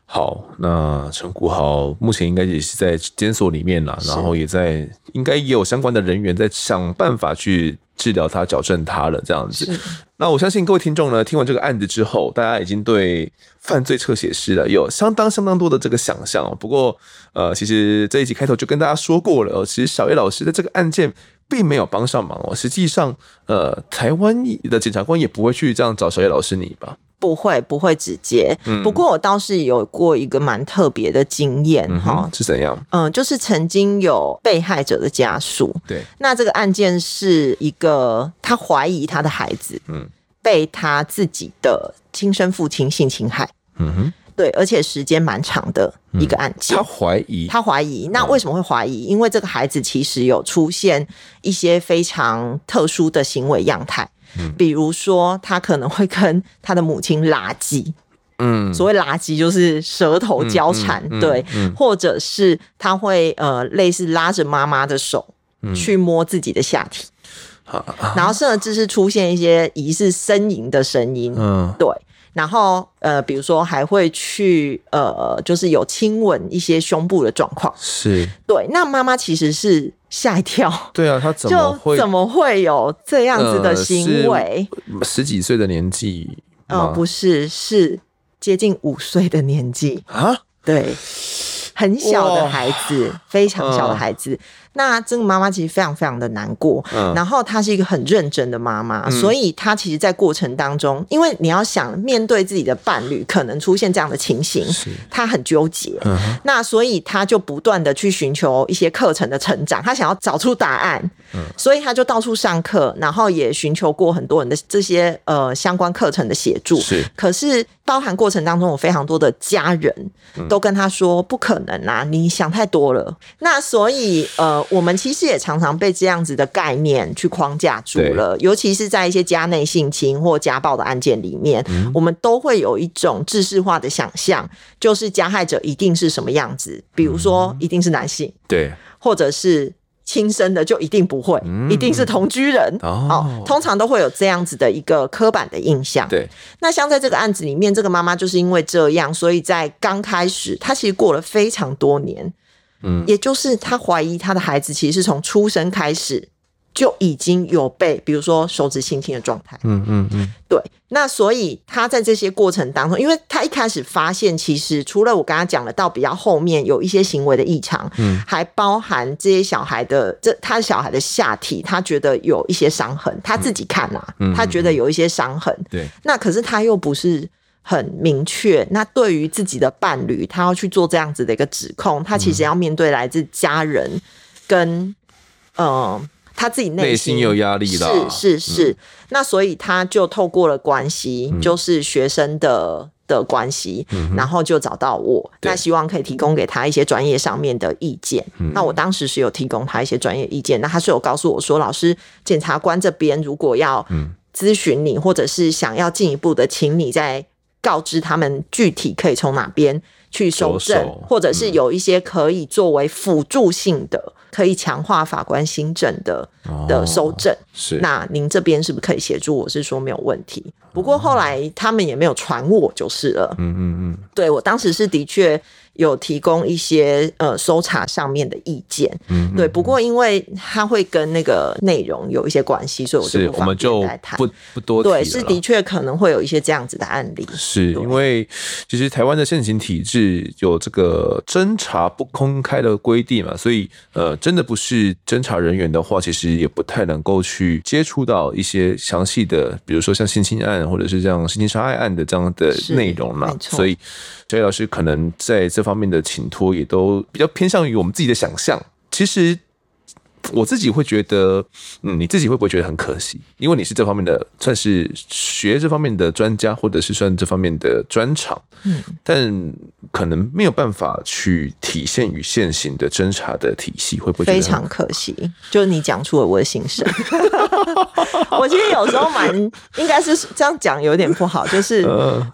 好，那陳古豪目前應該也是在監所裡面啦，然後也在應該也有相關的人員在想辦法去治療他、矯正他了，這樣子。那我相信各位聽眾呢，聽完這個案子之後，大家已經對犯罪側寫師了有相當相當多的這個想象哦。不過，呃，其實這一集開頭就跟大家說過了，其實小葉老師的這個案件並沒有幫上忙哦。實際上，呃，台灣的檢察官也不會去這樣找小葉老師你吧。不會，不會直接。嗯，不過我倒是有過一個蠻特別的經驗，哈、嗯，是怎樣？嗯、呃，就是曾經有被害者的家屬，對，那這個案件是一個他懷疑他的孩子，嗯，被他自己的親生父親性侵害，嗯哼，對，而且時間蠻長的一個案件。嗯、他懷疑，他懷疑、嗯，那為什麼會懷疑？因為這個孩子其實有出現一些非常特殊的行為樣態。比如說，他可能會跟他的母親喇機。嗯，所謂喇機就是舌頭交纏，嗯嗯嗯，對，或者是他會呃類似拉着媽媽的手去摸自己的下體，嗯，然後甚至是出現一些疑似呻吟的聲音，嗯，對，然後呃，比如說還會去呃，就是有親吻一些胸部的狀況，是對，那媽媽其實是。嚇一跳，對啊，他怎麼就怎麼會有這樣子的行為？呃，十幾歲的年紀哦，呃，不是，是接近五歲的年紀啊，對，很小的孩子，非常小的孩子。呃那這個媽媽其實非常非常的難過，uh, 然後她是一個很認真的媽媽，嗯，所以她其實，在過程當中，因為你要想面對自己的伴侶可能出現這樣的情形，她很糾結，uh -huh. 那所以她就不斷的去尋求一些課程的成長，她想要找出答案，uh -huh. 所以她就到處上課，然後也尋求過很多人的這些呃相關課程的協助，是，可是包含過程當中，有非常多的家人，uh -huh. 都跟她說不可能啊，你想太多了，那所以呃。我們其實也常常被這樣子的概念去框架住了，尤其是在一些家內性侵或家暴的案件裡面，嗯、我們都會有一種制式化的想象，就是加害者一定是什麼樣子，比如說一定是男性，對、嗯，或者是親生的就一定不會，嗯、一定是同居人、哦哦。通常都會有這樣子的一個刻板的印象。對，那像在這個案子裡面，這個媽媽就是因為這樣，所以在剛開始，她其實過了非常多年。嗯，也就是他懷疑他的孩子其實從出生開始就已經有被，比如說手指輕輕的狀態。嗯嗯嗯，對。那所以他在這些過程當中，因為他一開始發現，其實除了我剛剛講的到比較後面有一些行為的異常，嗯，還包含這些小孩的這他小孩的下體，他覺得有一些傷痕，他自己看吶，啊，嗯嗯嗯嗯，他覺得有一些傷痕。對。那可是他又不是。很明確。那對於自己的伴侶，他要去做這樣子的一個指控，他其實要面對來自家人跟嗯、呃、他自己內心、內心有壓力的、啊，是是是、嗯。那所以他就透過了關係、嗯，就是學生的的關係、嗯，然後就找到我、嗯，那希望可以提供給他一些專業上面的意見。那我當時是有提供他一些專業意見，那他是有告訴我說：“老師，檢察官這邊如果要諮詢你、嗯，或者是想要進一步的，請你再。告知他們具體可以從哪邊去搜證、嗯，或者是有一些可以作為輔助性的、可以強化法官心證的，哦、的搜證。是，那您這邊是不是可以協助？我是說沒有問題，不過後來他們也沒有傳我，就是了。嗯嗯嗯，對我當時是的確。有提供一些呃搜查上面的意見，嗯，嗯，嗯、對。不過，因為他會跟那個內容有一些關係，所以我我們就不不多對，是的確可能會有一些這樣子的案例。是因為其實台灣的現行體制有這個偵查不公開的規定嘛，所以呃，真的不是偵查人員的話，其實也不太能夠去接觸到一些詳細的，比如說像性侵案或者是這樣性侵傷害案的這樣的內容嘛，沒錯。所以，小葉老師可能在這。這方面的請托也都比較偏向於我們自己的想象，其實。我自己會覺得，嗯，你自己會不會覺得很可惜？因為你是這方面的，算是學這方面的專家，或者是算這方面的專長，嗯，但可能沒有辦法去體現與現行的偵查的體系，會不會覺得很非常可惜？就是你講出了我的心聲。 我其實有時候蠻，應該是這樣講有點不好，就是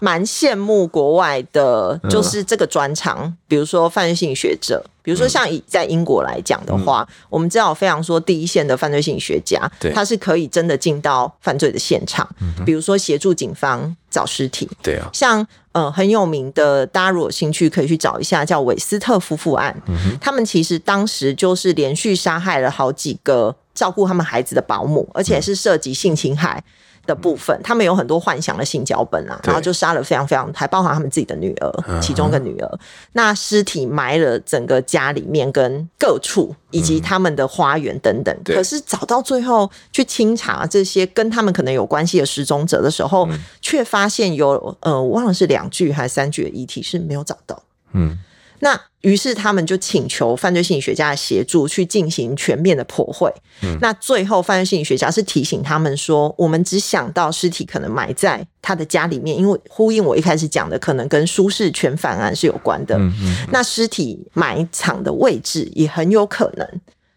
蠻羨慕國外的，就是這個專長、嗯，比如說犯性學者。比如說，像以在英國來講的話，嗯、我們知道，非常多第一線的犯罪心理學家，他是可以真的進到犯罪的現場，嗯、比如說協助警方找屍體。對啊，像呃很有名的，大家如果有興趣可以去找一下，叫韋斯特夫婦案，嗯，他們其實當時就是連續殺害了好幾個照顧他們孩子的保姆，而且是涉及性侵害。嗯嗯的部分，他們有很多幻想的性腳本啊，然後就殺了非常非常，還包含他們自己的女兒，啊、其中一個女兒，那屍體埋了整個家裡面跟各處，以及他們的花園等等、嗯。可是找到最後去清查這些跟他們可能有關係的失蹤者的時候，卻、嗯、發現有呃，我忘了是兩具還是三具的遺體是沒有找到。嗯。那於是他們就請求犯罪心理學家的協助，去進行全面的剖繪、嗯。那最後犯罪心理學家是提醒他們說，我們只想到屍體可能埋在他的家裡面，因為呼應我一開始講的，可能跟舒適圈犯案是有關的。嗯嗯、那屍體埋藏的位置也很有可能，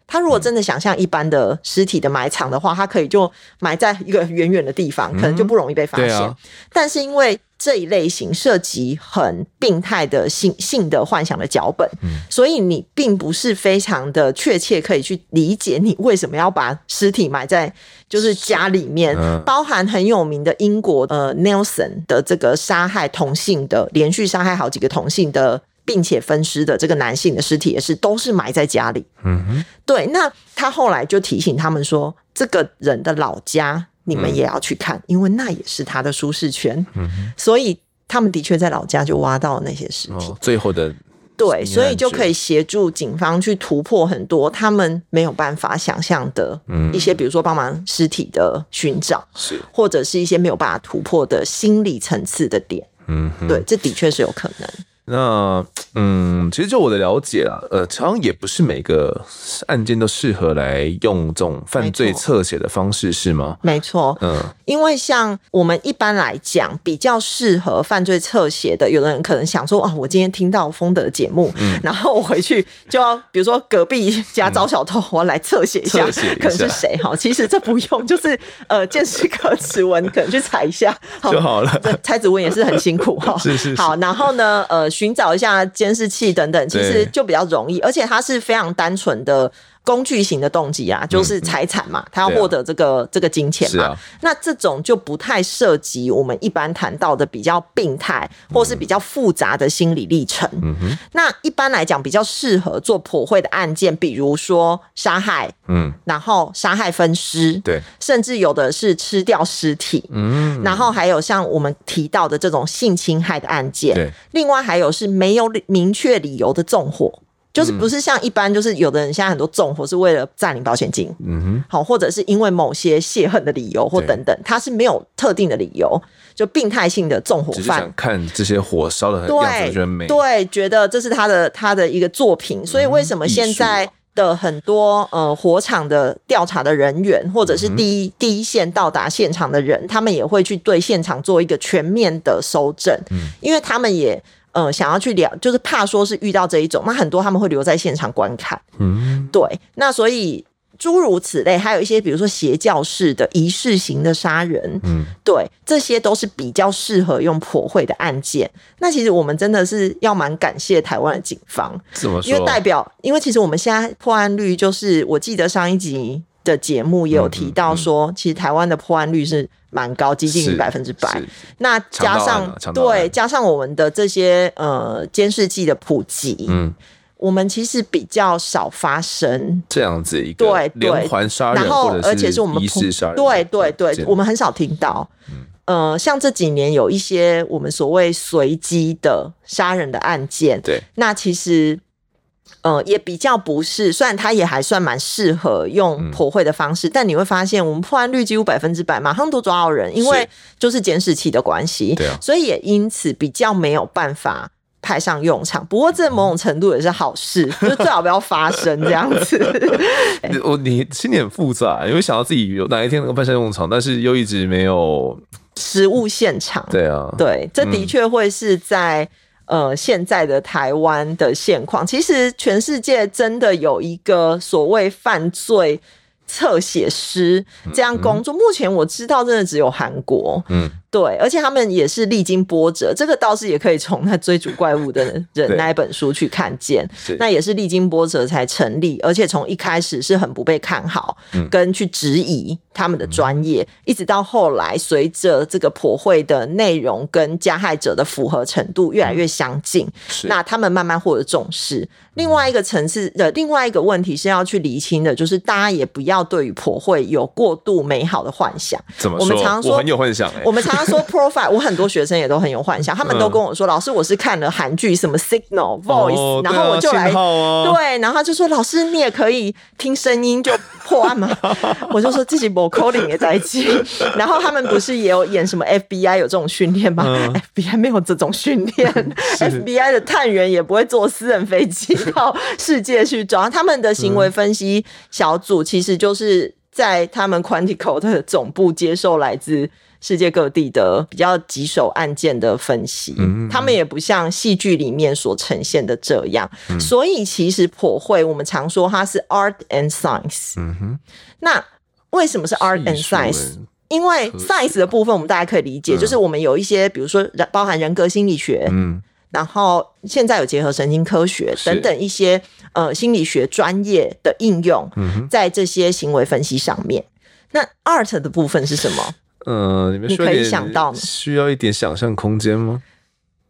他如果真的想像一般的屍體的埋藏的話、嗯，他可以就埋在一個遠遠的地方，可能就不容易被發現。嗯啊、但是因為這一類型涉及很病態的性性的幻想的腳本，嗯，所以你並不是非常的確切可以去理解你為什麼要把屍體埋在就是家裡面，嗯，包含很有名的英國呃 Nelson 的這個殺害同性的連續殺害好幾個同性的並且分屍的這個男性的屍體也是都是埋在家裡，嗯哼，對，那他後來就提醒他們說這個人的老家。你們也要去看，嗯，因為那也是他的舒適圈。嗯，所以他們的確在老家就挖到了那些屍體。哦，最後的。對，所以就可以協助警方去突破很多他們沒有辦法想象的一些，嗯，比如說幫忙屍體的尋找，是或者是一些沒有辦法突破的心理層次的點。嗯，對，這的確是有可能。那嗯，其實就我的了解啊，呃，常常也不是每個案件都適合來用這種犯罪側寫的方式，是嗎？沒錯，嗯，因為像我們一般來講，比較適合犯罪側寫的，有的人可能想說啊、哦，我今天聽到豐德的節目、嗯，然後我回去就要，比如說隔壁家遭小偷，嗯、我來側寫一下，側寫可能是誰？哈， 其實這不用，就是呃，鑑識個指紋，可能去採一下好就好了。猜指紋也是很辛苦哈， 是是，是。好，然後呢，呃。尋找一下監視器等等，其實就比較容易，而且它是非常單純的。工具型的動機啊，就是財產嘛，他、嗯嗯、要獲得這個、啊、這個金錢嘛是、啊。那這種就不太涉及我們一般談到的比較病態或是比較複雜的心理歷程。嗯，那一般來講，比較適合做剖繪的案件，比如說殺害，嗯，然後殺害分屍，對，甚至有的是吃掉屍體，嗯，然後還有像我們提到的這種性侵害的案件，對，另外還有是沒有明確理由的縱火。就是不是像一般，就是有的人現在很多縱火是為了占領保險金，嗯哼，好，或者是因為某些洩恨的理由或等等，他是沒有特定的理由，就病態性的縱火犯，只是想看這些火燒的很對，對，覺得這是他的他的一個作品，所以為什麼現在的很多呃火場的調查的人員或者是第一、嗯、第一線到達現場的人，他們也會去對現場做一個全面的搜證，嗯，因為他們也。嗯、呃，想要去聊，就是怕說是遇到這一種，那很多他們會留在現場觀看。嗯，對，那所以諸如此類，還有一些比如說邪教式的儀式型的殺人，嗯，對，這些都是比較適合用剖繪的案件。那其實我們真的是要蠻感謝台灣的警方，因為代表，因為其實我們現在破案率，就是我記得上一集的節目也有提到說，其實台灣的破案率是。蠻高，接近於百分之百。那加上、啊、對，加上我們的這些呃監視器的普及，嗯，我們其實比較少發生這樣子一個對，對連環殺人，人的，然後而且是我們對對對，對，對，對，對，對，我們很少聽到、嗯。呃，像這幾年有一些我們所謂隨機的殺人的案件，對，那其實。呃、嗯，也比較不是，雖然它也還算蠻適合用剖繪的方式、嗯，但你會發現我們破案率幾乎百分之百，馬上都抓到人，因為就是監視器的關係、啊，所以也因此比較沒有辦法派上用場。啊、不過這某種程度也是好事，嗯、就是、最好不要發生這樣子。 你我你心裡很複雜，因為想到自己有哪一天能夠派上用場，但是又一直沒有實務現場。對啊，對，嗯、這的確會是在。呃，現在的台灣的現況，其實全世界真的有一個所謂犯罪側寫師這樣工作、嗯，目前我知道真的只有韓國。嗯對，而且他們也是歷經波折，這個倒是也可以從他追逐怪物的人 那一本書去看見，那也是歷經波折才成立。而且從一開始是很不被看好，嗯、跟去質疑他們的專業、嗯，一直到後來隨着這個剖繪的內容跟加害者的符合程度越來越相近，是那他們慢慢獲得重視。另外一個層次的、呃、另外一個問題是要去釐清的，就是大家也不要對於剖繪有過度美好的幻想。怎麼說？我們常常說我很有幻想、欸。我們常常。他說 profile，我很多學生也都很有幻想，他們都跟我說：“嗯、老師，我是看了韓劇什麼 Signal Voice，、哦、然後我就來、啊、對。”然後就說：“老師，你也可以聽聲音就破案嗎？” 我就說自己 v o c 也在一起。 然後他們不是也有演什麼 FBI 有這種訓練嗎、嗯、？FBI 沒有這種訓練，FBI 的探員也不會坐私人飛機到世界去找他們的行為分析小組，其實就是在他們 Quantico 的總部接受來自。世界各地的比較棘手案件的分析，嗯嗯、他們也不像戲劇裡面所呈現的這樣。嗯、所以，其實剖繪我們常說它是 art and science。嗯哼、嗯。那為什麼是 art and science？、啊、因為 science 的部分，我們大家可以理解、啊，就是我們有一些，比如說人包含人格心理學，嗯，然後現在有結合神經科學等等一些呃心理學專業的應用，在這些行為分析上面。嗯嗯、那 art 的部分是什麼？ 呃，你們一你可以想到需要一點想象空間嗎？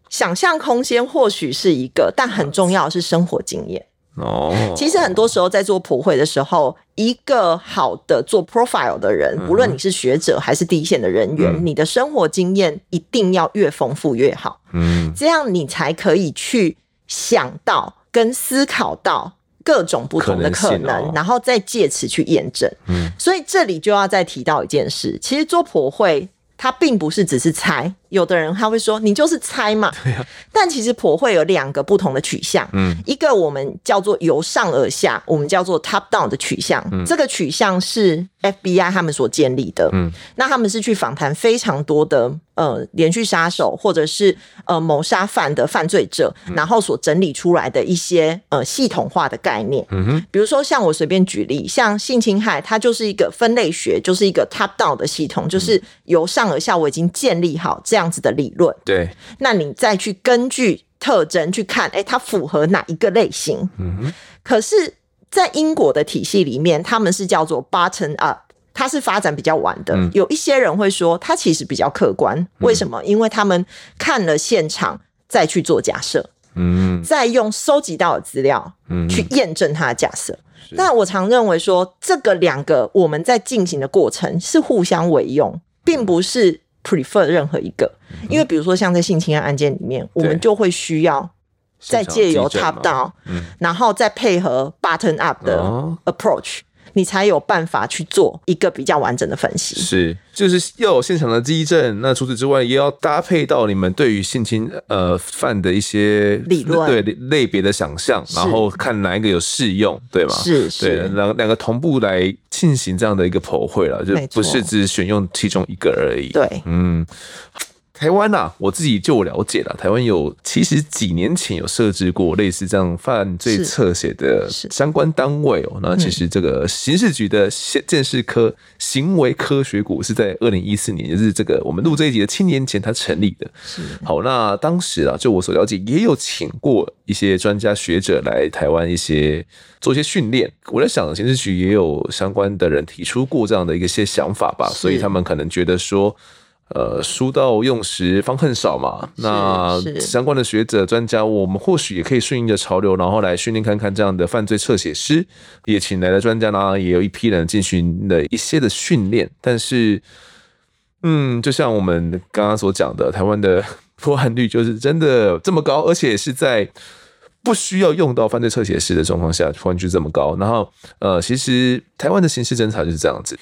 想象空間或許是一個，但很重要是生活經驗哦。其實很多時候在做剖繪的時候，一個好的做 profile 的人，無論你是學者還是第一線的人員，嗯，你的生活經驗一定要越豐富越好。嗯，這樣你才可以去想到跟思考到。各種不同的可能，可能哦，然後再借此去驗證。嗯。所以這裡就要再提到一件事，其實做剖繪，它並不是只是猜。有的人他會說你就是猜嘛，但其實剖繪會有兩個不同的取向，嗯，一個我們叫做由上而下，我們叫做 top down 的取向，嗯，這個取向是 FBI 他們所建立的，嗯，那他們是去訪談非常多的呃連續殺手或者是呃謀殺犯的犯罪者，然後所整理出來的一些呃系統化的概念，嗯哼，比如說像我隨便舉例，像性侵害，它就是一個分類學，就是一個 top down 的系統，就是由上而下，我已經建立好這樣。這樣子的理論，對，那你再去根據特徵去看，哎、欸，它符合哪一個類型？嗯哼，可是，在英國的體系裡面，他們是叫做 button up。它是發展比較晚的、嗯。有一些人會說，它其實比較客觀、嗯，為什麼？因為他們看了現場，再去做假設，嗯哼，再用收集到的資料，嗯，去驗證它的假設、嗯。那我常認為說，這個兩個我們在進行的過程是互相為用，並不是。prefer 任何一個、嗯，因為比如說像在性侵案案件裡面、嗯，我們就會需要再借由 tap down、嗯、然後再配合 button up 的 approach。哦。你才有辦法去做一個比較完整的分析，是，就是要有現場的跡證。那除此之外，也要搭配到你們對於性侵呃犯的一些理論，對類別的想象，然後看哪一個有適用，對嗎？是，是，對，兩兩個同步來進行這樣的一個剖繪了，就不是只選用其中一個而已。對，嗯。台灣吶、啊，我自己就了解了。台灣有，其實幾年前有設置過類似這樣犯罪側寫的相關單位哦、喔。那其實這個刑事局的現鑑識科行為科學股是在二零一四年，也、就是這個我們錄這一集的七年前，它成立的。好，那當時啊，就我所了解，也有請過一些專家學者來台灣一些做一些訓練。我在想，刑事局也有相關的人提出過這樣的一些想法吧，所以他們可能覺得說。呃，書到用時方恨少嘛。那相關的學者、專家，我們或許也可以順應着潮流，然後來訓練看看這樣的犯罪側寫師。也請來的專家呢，也有一批人進行了一些的訓練。但是，嗯，就像我們剛剛所講的，台灣的破案率就是真的這麼高，而且是在不需要用到犯罪側寫師的狀況下，破案率這麼高。然後，呃，其實台灣的刑事偵查就是這樣子，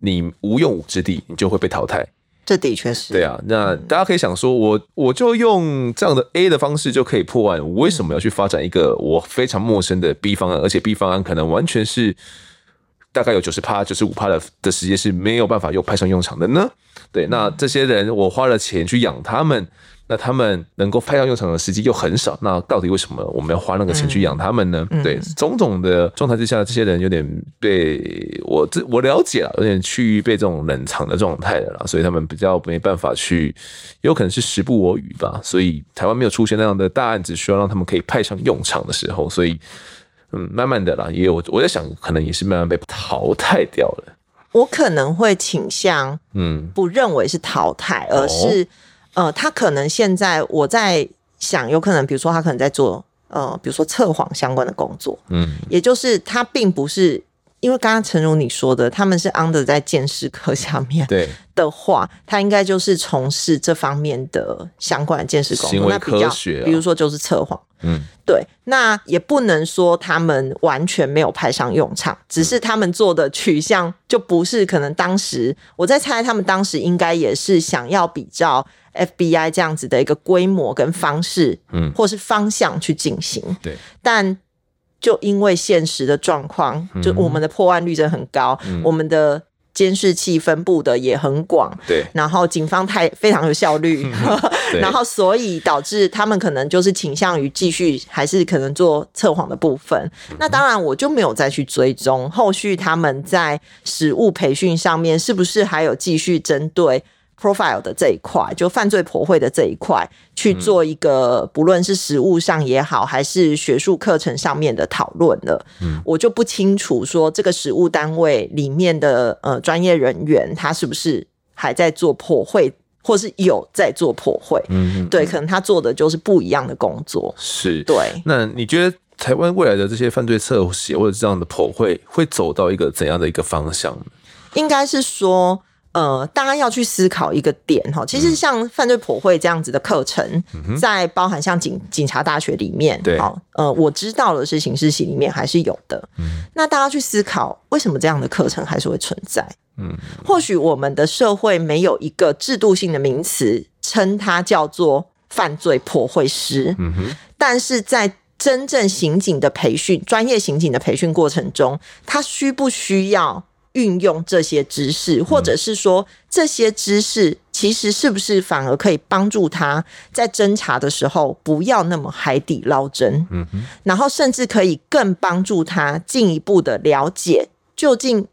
你無用武之地，你就會被淘汰。這的確是。對啊，那大家可以想說我，我我就用這樣的 A 的方式就可以破案，我為什麼要去發展一個我非常陌生的 B 方案？而且 B 方案可能完全是大概有九十趴、九十五趴的的時間是沒有辦法又派上用場的呢？對，那這些人我花了錢去養他們。那他們能夠派上用場的時機又很少，那到底為什麼我們要花那個錢去養他們呢、嗯嗯？對，種種的狀態之下，這些人有點被我這我了解了，有點趨於被這種冷藏的狀態了啦，所以他們比較沒辦法去，有可能是時不我與吧。所以台灣沒有出現那樣的大案子，需要讓他們可以派上用場的時候，所以嗯，慢慢的啦，也有我在想，可能也是慢慢被淘汰掉了。我可能會傾向嗯，不認為是淘汰，嗯、而是、哦。呃，他可能現在我在想，有可能，比如說他可能在做呃，比如說測謊相關的工作，嗯，也就是他並不是。因為剛剛誠如你說的，他們是 under 在鑑識科下面，對的話，他應該就是從事這方面的相關的鑑識工作，那比較，比如說就是測謊，嗯，對，那也不能說他們完全沒有派上用場，嗯，只是他們做的取向就不是可能當時我在猜，他們當時應該也是想要比照 FBI 這樣子的一個規模跟方式，嗯，或是方向去進行，對，但，就因為現實的狀況，嗯，就我們的破案率真很高，嗯，我們的監視器分布的也很廣，對。然後警方太非常有效率，嗯、 然後所以導致他們可能就是傾向於繼續還是可能做測謊的部分，嗯。那當然我就沒有再去追蹤後續他們在實務培訓上面是不是還有繼續針對。profile 的這一塊，就犯罪剖繪的這一塊、嗯，去做一個不論是實務上也好，還是學術課程上面的討論的，嗯，我就不清楚說這個實務單位裡面的呃專業人員他是不是還在做剖繪，或是有在做剖繪，嗯，對，可能他做的就是不一樣的工作，是，對。那你覺得台灣未來的這些犯罪側寫或者這樣的剖繪會走到一個怎樣的一個方向？應該是說。呃，大家要去思考一個點哈，其實像犯罪剖繪這樣子的課程、嗯，在包含像警警察大學裡面，對，好，呃，我知道的是刑事系裡面還是有的，嗯、那大家去思考，為什麼這樣的課程還是會存在？嗯，或許我們的社會沒有一個制度性的名詞稱它叫做犯罪剖繪師、嗯，但是在真正刑警的培訓、專業刑警的培訓過程中，他需不需要？運用這些知識，或者是說這些知識，其實是不是反而可以幫助他，在偵查的時候不要那麼海底撈針？嗯，然後甚至可以更幫助他進一步的了解，究竟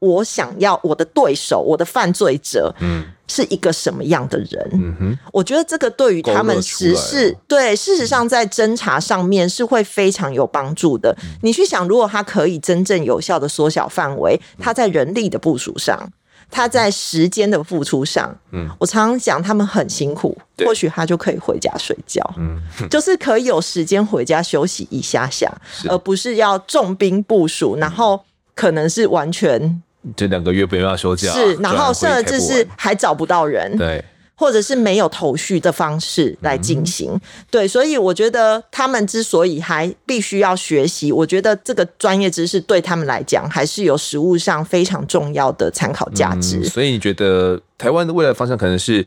我想要我的對手，我的犯罪者，嗯。是一個什麼樣的人？嗯、我覺得這個對於他們實事，啊、對事實上在偵查上面是會非常有幫助的、嗯。你去想，如果他可以真正有效的縮小範圍，他在人力的部署上，他在時間的付出上，嗯，我常常講他們很辛苦，或許他就可以回家睡覺，嗯、 就是可以有時間回家休息一下下，而不是要重兵部署，然後可能是完全。這兩個月沒辦法休假，是，然後甚至是還找不到人，對，或者是沒有頭緒的方式來進行、嗯，對，所以我覺得他們之所以還必須要學習，我覺得這個專業知識對他們來講還是有實務上非常重要的參考價值、嗯。所以你覺得台灣的未來方向可能是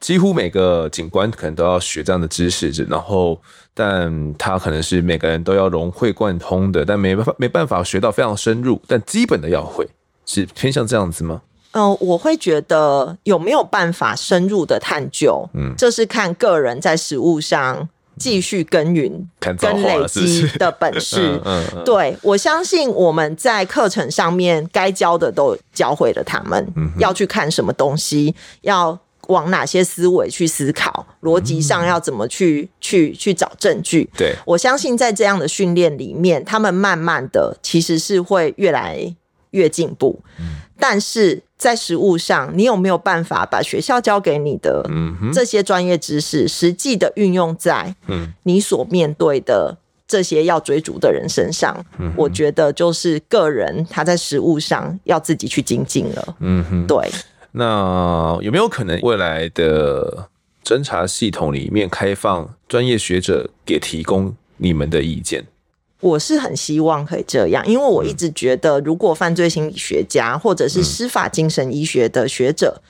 幾乎每個警官可能都要學這樣的知識，然後，但他可能是每個人都要融會貫通的，但沒辦法，沒辦法學到非常深入，但基本的要會。是偏向這樣子嗎？嗯、呃，我會覺得有沒有辦法深入的探究，嗯，這是看個人在實務上繼續耕耘跟累積的本事。 嗯，嗯，嗯，對我相信我們在課程上面該教的都教會了他們。嗯，要去看什麼東西，要往哪些思維去思考，邏輯上要怎麼去，嗯、去去找證據。對我相信在這樣的訓練裡面，他們慢慢的其實是會越來越進步，但是在實務上，你有沒有辦法把學校教給你的這些專業知識實際的運用在你所面對的這些要追逐的人身上？嗯哼，我覺得就是個人他在實務上要自己去精進了。嗯對。那有沒有可能未來的偵查系統裡面開放專業學者給提供你們的意見？我是很希望可以這樣，因為我一直覺得，如果犯罪心理學家或者是司法精神醫學的學者，嗯、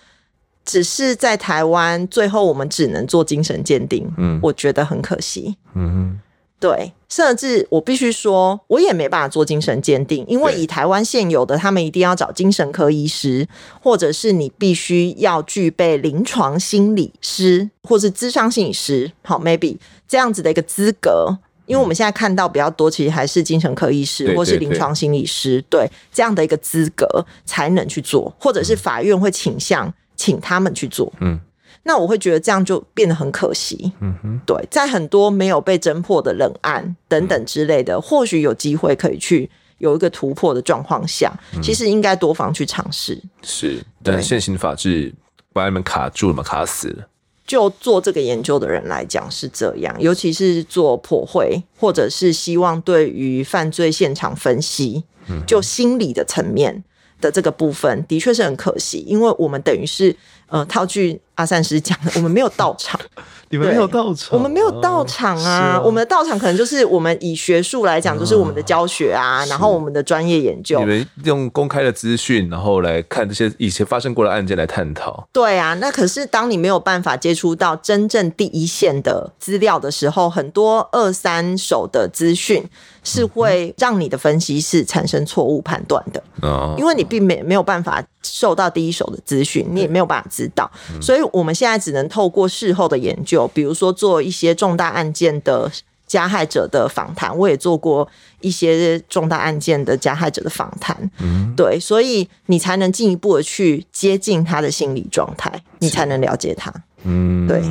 只是在台灣，最後我們只能做精神鑑定，嗯，我覺得很可惜，嗯，對，甚至我必須說，我也沒辦法做精神鑑定，因為以台灣現有的，他們一定要找精神科醫師，或者是你必須要具備臨床心理師或是諮商心理師，好，maybe 這樣子的一個資格。因為我們現在看到比較多，其實還是精神科醫師或是臨床心理師，對，對，對，對這樣的一個資格才能去做，或者是法院會傾向請他們去做。嗯，那我會覺得這樣就變得很可惜。嗯哼，對，在很多沒有被偵破的冷案等等之類的，嗯、或許有機會可以去有一個突破的狀況下，嗯、其實應該多方去嘗試。是，但現行的法制把你們卡住了嘛？卡死了。就做這個研究的人來講是這樣，尤其是做剖繪或者是希望對於犯罪現場分析，嗯，就心理的層面的這個部分，的確是很可惜，因為我們等於是，呃，套句。阿善師講的，我們沒有道場， 你們沒有道場，我們沒有道場啊、哦！我們的道場，可能就是我們以學術來講，就是我們的教學啊，哦、然後我們的專業研究。你們用公開的資訊，然後來看這些以前發生過的案件來探討。對啊，那可是當你沒有辦法接觸到真正第一線的資料的時候，很多二三手的資訊是會讓你的分析師產生錯誤判斷的。嗯，因為你並沒沒有辦法受到第一手的資訊，你也沒有辦法知道，嗯、所以。我們現在只能透過事後的研究，比如說做一些重大案件的加害者的訪談，我也做過一些重大案件的加害者的訪談，嗯，對，所以你才能進一步的去接近他的心理狀態，你才能了解他。嗯，對。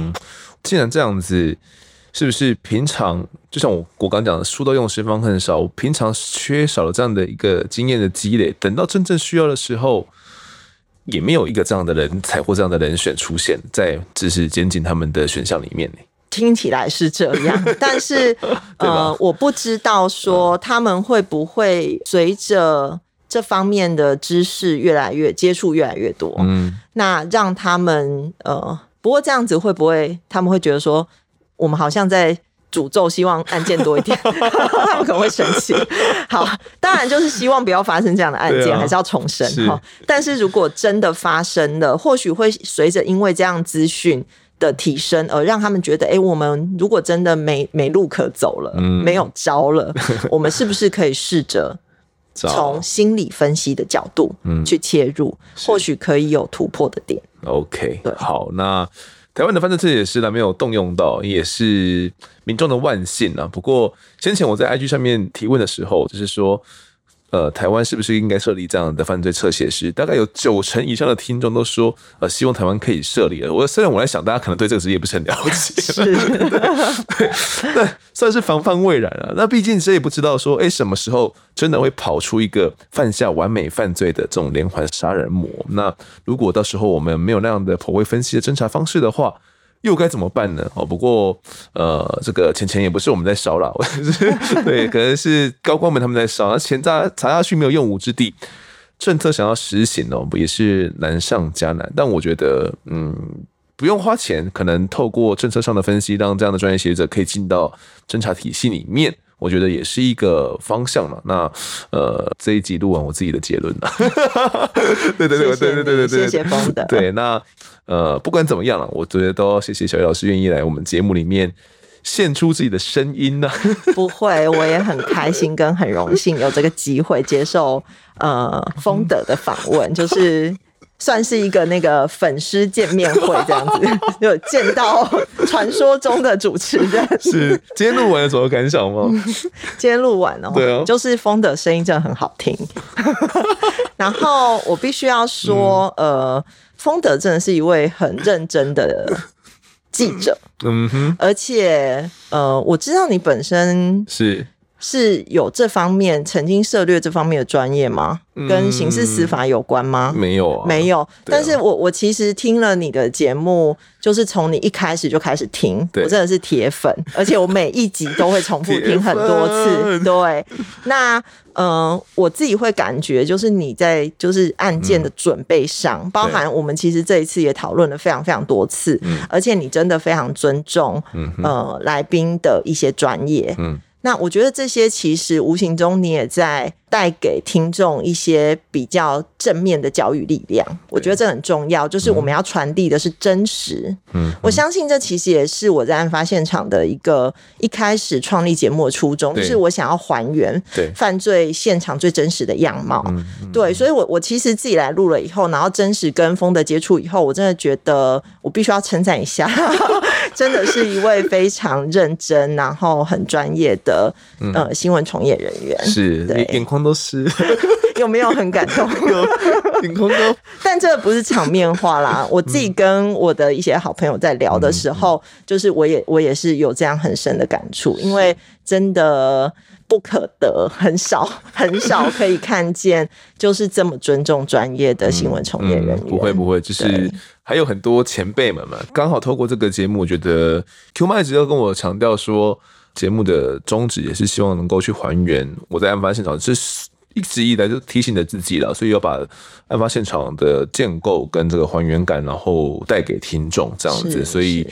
既然這樣子，是不是平常就像我我剛講的，書到用時方恨少，我平常缺少了這樣的一個經驗的積累，等到真正需要的時候。也沒有一個這樣的人才或這樣的人選出現在知識監禁他們的選項裡面。欸、聽起來是這樣， 但是呃，我不知道說他們會不會隨着這方面的知識越來越接觸越來越多，嗯，那讓他們呃，不過這樣子會不會他們會覺得說我們好像在。詛咒，希望案件多一點 他們可能會生氣。好，當然就是希望不要發生這樣的案件，啊、還是要重申哈。但是如果真的發生了，或許會隨着因為這樣資訊的提升，而讓他們覺得，哎、欸，我們如果真的沒沒路可走了、嗯，沒有招了，我們是不是可以試着從心理分析的角度去切入？嗯、或許可以有突破的點。OK，對，好，那。台灣的反正這也是沒有動用到，也是民眾的萬幸啊。不過先前我在 IG 上面提問的時候，就是說。呃，台灣是不是應該設立這樣的犯罪側寫師？大概有九成以上的聽眾都說，呃，希望台灣可以設立了。我雖然我來想，大家可能對這個職業不是很了解， 是 對，對，但算是防範未然啊，那畢竟誰也不知道說，哎、欸，什麼時候真的會跑出一個犯下完美犯罪的這種連環殺人魔？那如果到時候我們沒有那樣的剖繪分析的偵查方式的話。又該怎麼辦呢？哦，不過呃，這個錢錢也不是我們在燒啦， 對，可能是高官們他們在燒，那錢砸砸下去沒有用武之地，政策想要實行哦，也是難上加難。但我覺得，嗯，不用花錢，可能透過政策上的分析，讓這樣的專業學者可以進到偵查體系裡面。我覺得也是一個方向嘛。那呃，這一集錄完我自己的結論了。 對，對，對，對，對，對，對對對對對對對，謝謝，謝，謝豐德。對，那呃，不管怎麼樣了，我覺得都要謝謝小葉老師願意來我們節目裡面獻出自己的聲音呢。 不會，我也很開心跟很榮幸有這個機會接受呃豐德的訪問，就是。算是一個那個粉絲見面會這樣子，有 見到傳說中的主持人。是，今天錄完有什麼感想嗎？嗯、今天錄完的、哦、話，對啊，就是風德聲音真的很好聽。 然後我必須要說、嗯，呃，風德真的是一位很認真的記者。嗯哼，而且呃，我知道你本身是。是有這方面曾經涉獵，這方面的專業嗎？跟刑事司法有關嗎？嗯、沒有、啊，沒有。啊、但是我我其實聽了你的節目，就是從你一開始就開始聽，對，我真的是鐵粉，而且我每一集都會重複聽很多次。 對，那呃，我自己會感覺就是你在就是案件的準備上，嗯、包含我們其實這一次也討論了非常非常多次，而且你真的非常尊重、嗯、呃來賓的一些專業，嗯。那我覺得這些其實無形中你也在，帶給聽眾一些比較正面的教育力量，我覺得這很重要。就是我們要傳遞的是真實。嗯，我相信這其實也是我在案發現場的一個一開始創立節目的初衷，就是我想要還原犯罪現場最真實的樣貌。對，對對對，所以我我其實自己來錄了以後，然後真實跟豐德的接觸以後，我真的覺得我必須要稱讚一下， 真的是一位非常認真然後很專業的、嗯、呃新聞從業人員。是，對，都 是有沒有很感動？ 但這個不是場面話啦。我自己跟我的一些好朋友在聊的時候，嗯、就是我也我也是有這樣很深的感觸，因為真的不可得，很少很少可以看見，就是這麼尊重專業的新聞從業人員，嗯嗯。不會不會，就是還有很多前輩們嘛。剛好透過這個節目，我覺得 Q 麥直接跟我強調說。節目的宗旨也是希望能夠去還原我在案發現場，這、就是、一直以來就提醒著自己了，所以要把案發現場的建構跟這個還原感，然後帶給聽眾這樣子。是是，所以，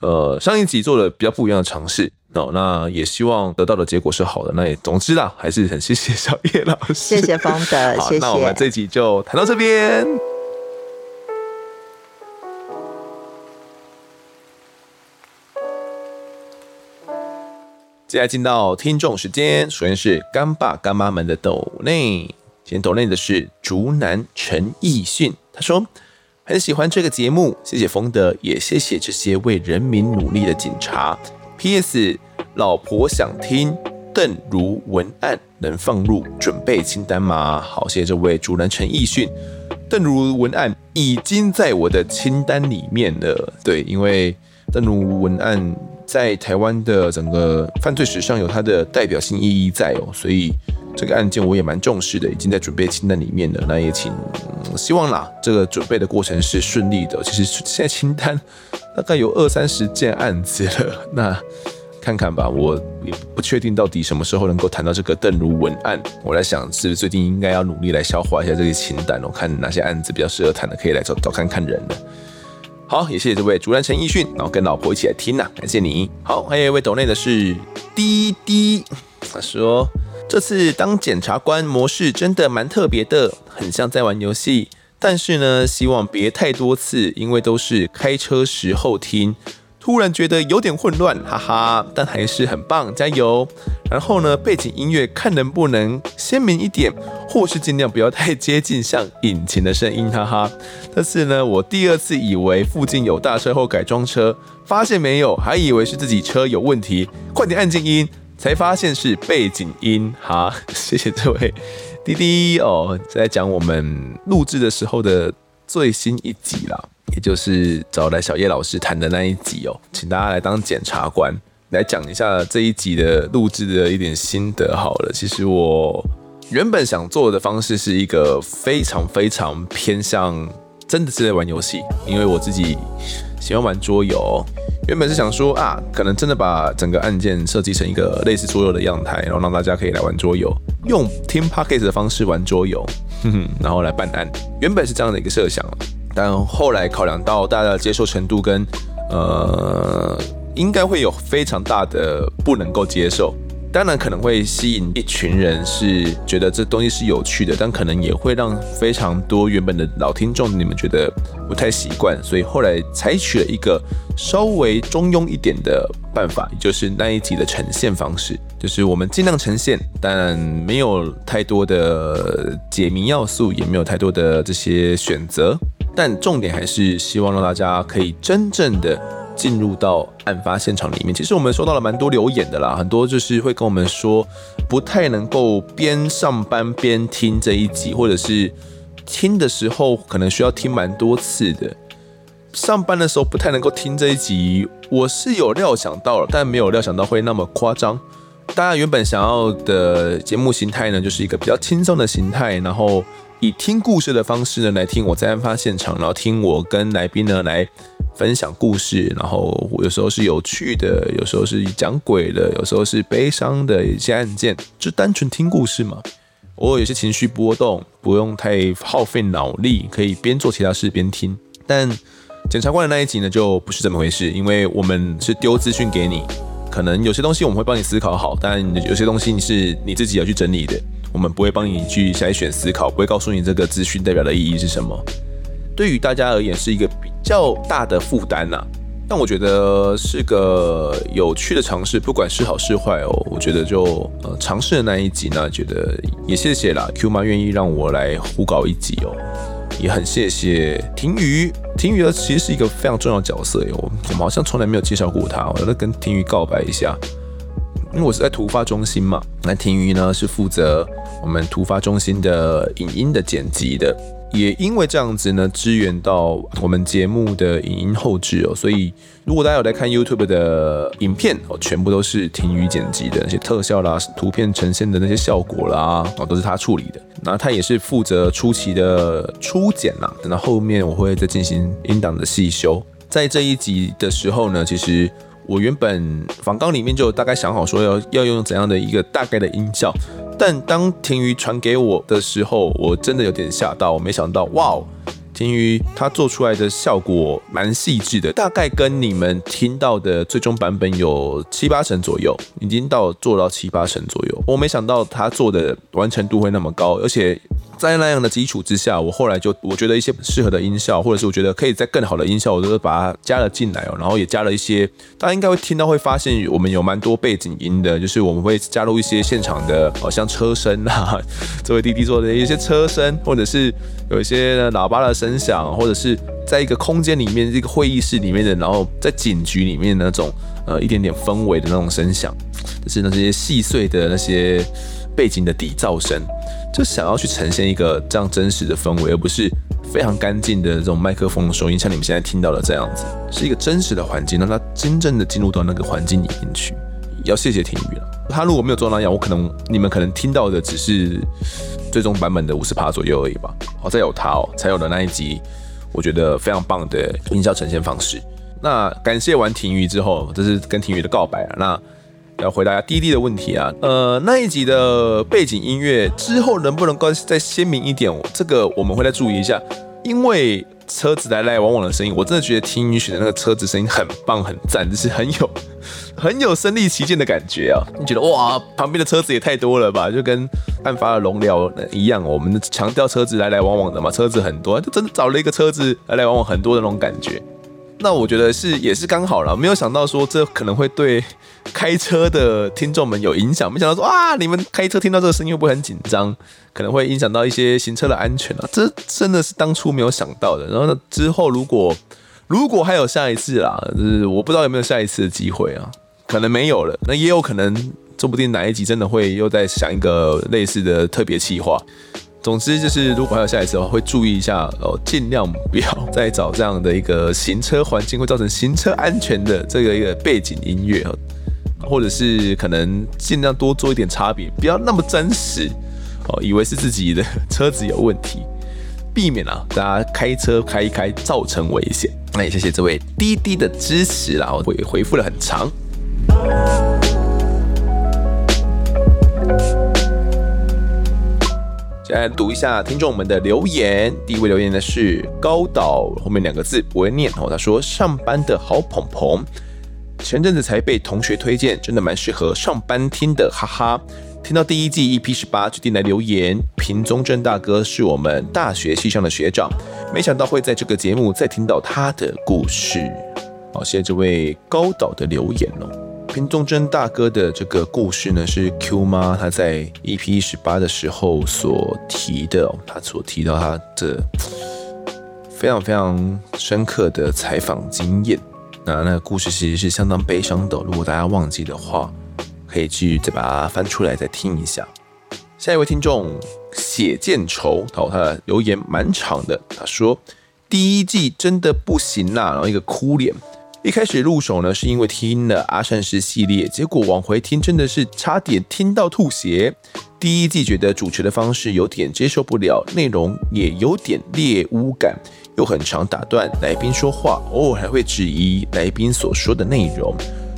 呃，上一集做了比較不一樣的嘗試，哦，那也希望得到的結果是好的。那也總之啦，還是很謝謝小葉老師，謝謝豐德， 謝謝。好，那我們這一集就談到這邊。接下來進到聽眾時間，首先是乾爸乾媽們的抖內，今天抖內的是竹南陳奕迅，他說很喜歡這個節目，謝謝豐德，也謝謝這些為人民努力的警察。P.S. 老婆想聽鄧如文案，能放入準備清單嗎？好，謝謝這位竹南陳奕迅。鄧如文案已經在我的清單裡面了。對，因為鄧如文案。在台灣的整個犯罪史上有它的代表性意義在哦，所以這個案件我也蠻重視的，已經在準備清單裡面了。那也請、嗯、希望啦，這個準備的過程是順利的。其實現在清單大概有二三十件案子了，那看看吧，我也不確定到底什麼時候能夠談到這個鄧如文案。我來想，是不是最近應該要努力來消化一下這個清單哦，看哪些案子比較適合談的，可以來找找看看人好，也謝謝這位竹蘭陳奕迅，然後跟老婆一起來聽吶、啊，感謝你。好，還有一位抖內的是滴滴，他說這次當檢察官模式真的蠻特別的，很像在玩遊戲，但是呢，希望別太多次，因為都是開車時候聽。突然覺得有點混亂，哈哈，但還是很棒，加油！然後呢，背景音樂看能不能鮮明一點，或是盡量不要太接近像引擎的聲音，哈哈。但是呢，我第二次以為附近有大車或改裝車，發現沒有，還以為是自己車有問題，快點按靜音，才發現是背景音，哈、哈，謝謝各位滴滴哦，在講我們錄製的時候的最新一集啦。也就是找來小葉老師談的那一集哦、喔，請大家來當檢察官來講一下這一集的錄制的一點心得好了。其實我原本想做的方式是一個非常非常偏向，真的是在玩遊戲，因為我自己喜歡玩桌遊。原本是想說啊，可能真的把整個案件設計成一個類似桌遊的樣態，然後讓大家可以來玩桌遊，用聽 podcast 的方式玩桌遊，哼哼，然後來辦案。原本是這樣的一個設想。但後來考量到大家的接受程度跟，呃，應該會有非常大的不能夠接受，當然可能會吸引一群人是覺得這東西是有趣的，但可能也會讓非常多原本的老聽眾你們覺得不太習慣，所以後來採取了一個稍微中庸一點的辦法，就是那一集的呈現方式，就是我們盡量呈現，但沒有太多的解謎要素，也沒有太多的這些選擇。但重點還是希望讓大家可以真正的進入到案發現場裡面。其實我們收到了蠻多留言的啦，很多就是會跟我們說不太能夠邊上班邊聽這一集，或者是聽的時候可能需要聽蠻多次的。上班的時候不太能夠聽這一集，我是有料想到了，但沒有料想到會那麼誇張。大家原本想要的節目形態呢，就是一個比較輕鬆的形態，然後。以聽故事的方式呢來聽我在案發現場，然後聽我跟來賓呢來分享故事，然後我有時候是有趣的，有時候是講鬼的，有時候是悲傷的一些案件，就單純聽故事嘛。偶爾有些情緒波動，不用太耗費腦力，可以邊做其他事邊聽。但檢察官的那一集呢就不是這麼回事，因為我們是丟資訊給你，可能有些東西我們會幫你思考好，但有些東西你是你自己要去整理的。我們不會幫你去篩選、思考，不會告訴你這個資訊代表的意義是什麼。對於大家而言是一個比較大的負擔吶、啊，但我覺得是個有趣的嘗試，不管是好是壞哦。我覺得就呃嘗試的那一集呢，覺得也謝謝啦。Q 媽願意讓我來胡搞一集哦，也很謝謝廷瑜，廷瑜呢其實是一個非常重要的角色喲，我們好像從來沒有介紹過他。我要跟廷瑜告白一下。因為我是在突發中心嘛，那庭宇呢是負責我們突發中心的影音的剪輯的，也因為這樣子呢，支援到我們節目的影音後製哦、喔，所以如果大家有在看 YouTube 的影片，喔、全部都是庭宇剪輯的那些特效啦，圖片呈現的那些效果啦，哦、喔、都是他處理的。那他也是負責初期的初剪啦，等到後面我會再進行音檔的細修。在這一集的時候呢，其實。我原本訪綱裡面就大概想好說要要用怎樣的一個大概的音效，但當停魚傳給我的時候，我真的有點嚇到。我沒想到，哇，停魚他做出來的效果蠻細緻的，大概跟你們聽到的最終版本有七八成左右，已經到做到七八成左右。我沒想到他做的完成度會那麼高，而且。在那樣的基礎之下，我後來就我覺得一些適合的音效，或者是我覺得可以再更好的音效，我都是把它加了進來哦。然後也加了一些，大家應該會聽到，會發現我們有蠻多背景音的，就是我們會加入一些現場的，好、呃、像車聲啊，作為滴滴做的一些，一些車聲，或者是有一些喇叭的聲響，或者是在一個空間裡面，一個會議室裡面的，然後在警局裡面的那種，呃一點點氛圍的那種聲響，就是那些細碎的那些。背景的底噪聲，就想要去呈現一個這樣真實的氛圍，而不是非常乾淨的這種麥克風的聲音，像你們現在聽到的這樣子，是一個真實的環境。那它真正的進入到那個環境裡面去，要謝謝廷宇了。他如果沒有做那樣，我可能你們可能聽到的只是最終版本的五十趴左右而已吧。好、哦，在有他哦，才有了那一集，我覺得非常棒的音效呈現方式。那感謝完廷宇之後，這是跟廷宇的告白了。那要回答滴滴的問題啊，呃，那一集的背景音樂之後能不能夠再鮮明一點？這個我們會再注意一下，因為車子來來往往的聲音，我真的覺得聽你選的那個車子聲音很棒很讚，就是很有很有身歷其境的感覺啊。你覺得哇，旁邊的車子也太多了吧？就跟案发的農寮一樣，我們強調車子來來往往的嘛，車子很多、啊，就真的找了一個車子來來往往很多的那種感覺。那我覺得是也是剛好了，沒有想到說這可能會對開車的聽眾們有影響，沒想到說啊，你們開車聽到這個聲音會不會很緊張，可能會影響到一些行車的安全啊。這真的是當初沒有想到的。然後呢，之後如果如果還有下一次啦，就是我不知道有沒有下一次的機會啊，可能沒有了，那也有可能，說不定哪一集真的會又再想一個類似的特別企劃。總之就是，如果還有下一次的話，會注意一下哦，盡量不要再找這樣的一個行車環境，會造成行車安全的這個一個背景音樂，或者是可能盡量多做一點差別，不要那麼真實哦，以為是自己的車子有問題，避免啊大家開車開一開造成危險。那、欸、也謝謝這位滴滴的支持啦，我會回復的很長。 現在讀一下聽眾們的留言。第一位留言的是高導，後面兩個字不會念，然後他說：“上班的好捧捧，前陣子才被同學推薦，真的蠻適合上班聽的，哈哈。”聽到第一季 EP 十八決定來留言。平宗正大哥是我們大學系上的學長，沒想到會在這個節目再聽到他的故事。好，謝謝這位高導的留言哦。聽眾忠貞大哥的這個故事呢，是 Q 媽她在 EP 十八的時候所提的，她所提到她的非常非常深刻的採訪經驗。那那故事其實是相當悲傷的，如果大家忘記的話，可以去再把它翻出來再聽一下。下一位聽眾血見愁，然後他的留言蠻長的，他說第一季真的不行啦，啊，然後一個哭臉。一開始入手呢，是因為聽了阿善師系列，結果往回聽真的是差點聽到吐血。第一季覺得主持的方式有點接受不了，內容也有點獵巫感，又很常打斷來賓說話，偶爾還會質疑來賓所說的內容。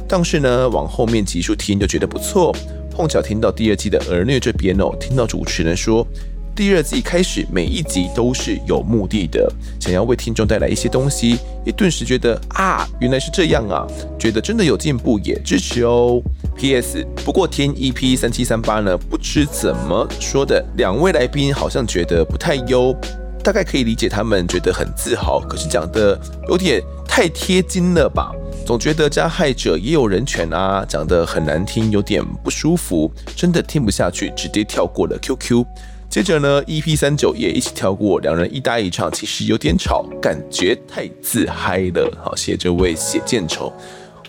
但是呢，往後面幾處聽就覺得不錯。碰巧聽到第二季的兒虐這邊哦，聽到主持人說。第二季開始，每一集都是有目的的，想要為聽眾帶來一些東西。也頓時覺得啊，原來是這樣啊，覺得真的有進步，也支持哦。P.S. 不過聽 EP3738 呢，不知怎麼說的，兩位來賓好像覺得不太優，大概可以理解他們覺得很自豪，可是講的有點太貼金了吧，總覺得加害者也有人權啊，講得很難聽，有點不舒服，真的聽不下去，直接跳過了 QQ。Q.Q 接着呢，EP 三九也一起跳過，兩人一搭一唱，其實有點吵，感覺太自嗨了。好，謝謝這位血劍愁，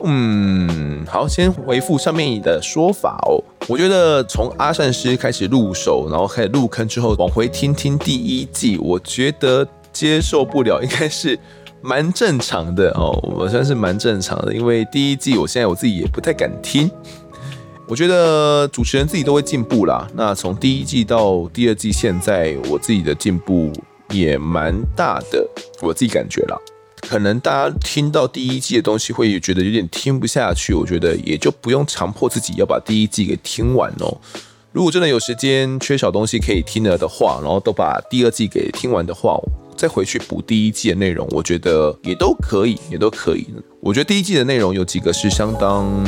嗯，好，先回覆上面的說法哦。我覺得從阿善師開始入手，然後開始入坑之後，往回聽聽第一季，我覺得接受不了，應該是蠻正常的哦，我算是蠻正常的，因為第一季我現在我自己也不太敢聽。我覺得主持人自己都會進步啦。那從第一季到第二季，現在我自己的進步也蠻大的，我自己感覺啦。可能大家聽到第一季的東西會覺得有點聽不下去，我覺得也就不用強迫自己要把第一季給聽完哦。如果真的有時間缺少東西可以聽了的話，然後都把第二季給聽完的話，再回去補第一季的內容，我覺得也都可以，也都可以。我覺得第一季的內容有幾個是相當。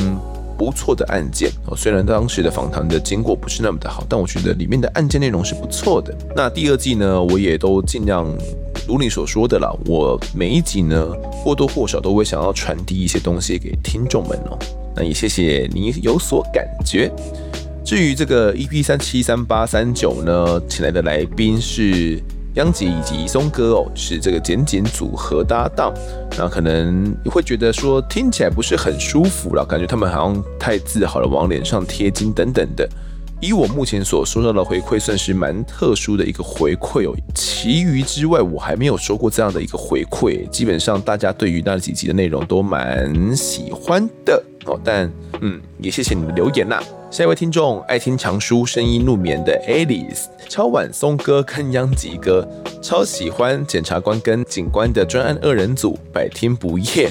不錯的案件哦，雖然當時的訪談的經過不是那麼的好，但我覺得裡面的案件內容是不錯的。那第二季呢，我也都盡量如你所說的啦。我每一集呢，或多或少都會想要傳遞一些東西給聽眾們哦。那也謝謝你有所感覺。至於這個 EP 三七三八三九呢，請來的來賓是。江吉以及松哥哦，是這個簡簡組合搭檔，那可能會覺得說聽起來不是很舒服了，感覺他們好像太自豪了，往臉上貼金等等的。以我目前所收到的回饋，算是蠻特殊的一個回饋哦。其餘之外，我還沒有收過這樣的一個回饋。基本上，大家對於那幾集的內容都蠻喜歡的哦。但嗯，也謝謝你們留言啦。下一位聽眾愛聽長書聲音入眠的 Alice，超晚松哥跟央吉哥超喜歡檢察官跟警官的專案二人組，百聽不厭。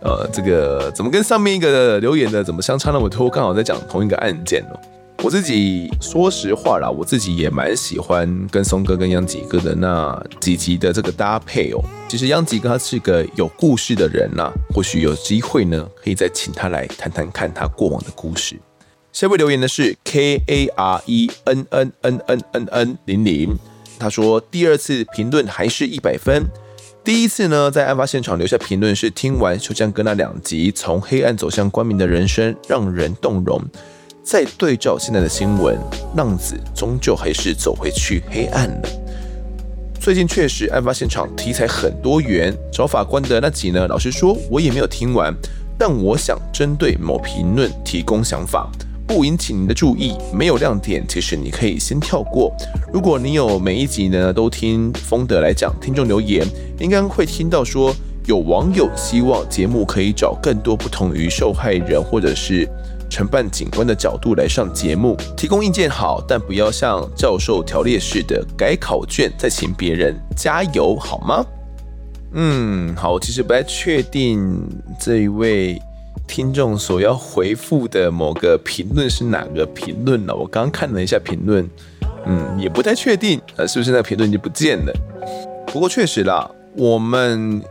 呃，這個怎麼跟上面一個留言的怎麼相差那麼多？我剛好在講同一個案件哦。我自己說實話啦，我自己也蠻喜歡跟松哥跟央吉哥的那幾集的這個搭配哦。其實央吉哥是個有故事的人吶，或許有機會呢，可以再請他來談談看他過往的故事。下位留言的是 K A R E N N N N N N 零零，他說第二次評論還是一百分，第一次呢在案發現場留下評論是聽完秋江哥那兩集從黑暗走向光明的人生，讓人動容。再對照現在的新聞，浪子終究還是走回去黑暗了。最近確實案發現場題材很多元，找法官的那集呢，老實說我也沒有聽完。但我想針對某評論提供想法，不引起您的注意，沒有亮點，其實你可以先跳過。如果你有每一集呢都聽風德來講，聽眾留言應該會聽到說，有網友希望節目可以找更多不同於受害人或者是。承辦警官的角度來上節目，提供意見，好，但不要像教授條列式的改考卷，再請別人加油好嗎？嗯，好。我其實不太確定這一位聽眾所要回復的某個評論是哪個評論了。我剛剛看了一下評論，嗯，也不太確定，呃，是不是那個評論已經不見了？不過確實啦，我們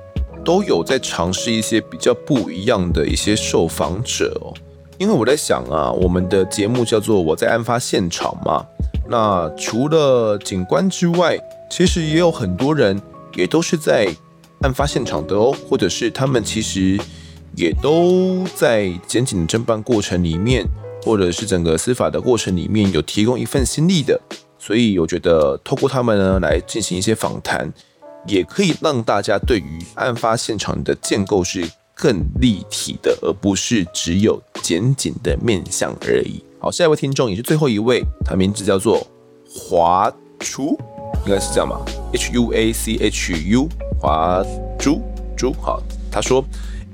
都有在嘗試一些比較不一樣的一些受訪者哦。因為我在想啊，我們的節目叫做《我在案發現場》嘛，那除了警官之外，其實也有很多人也都是在案發現場的哦，或者是他們其實也都在檢警偵辦過程裡面，或者是整個司法的過程裡面有提供一份心力的，所以我覺得透過他們呢，來進行一些訪談，也可以讓大家對於案發現場的建構是更立體的，而不是只有簡簡的面相而已。好，下一位聽眾也是最後一位，他的名字叫做華竹，應該是這樣吧，H U A C H U，華竹，竹，好，他說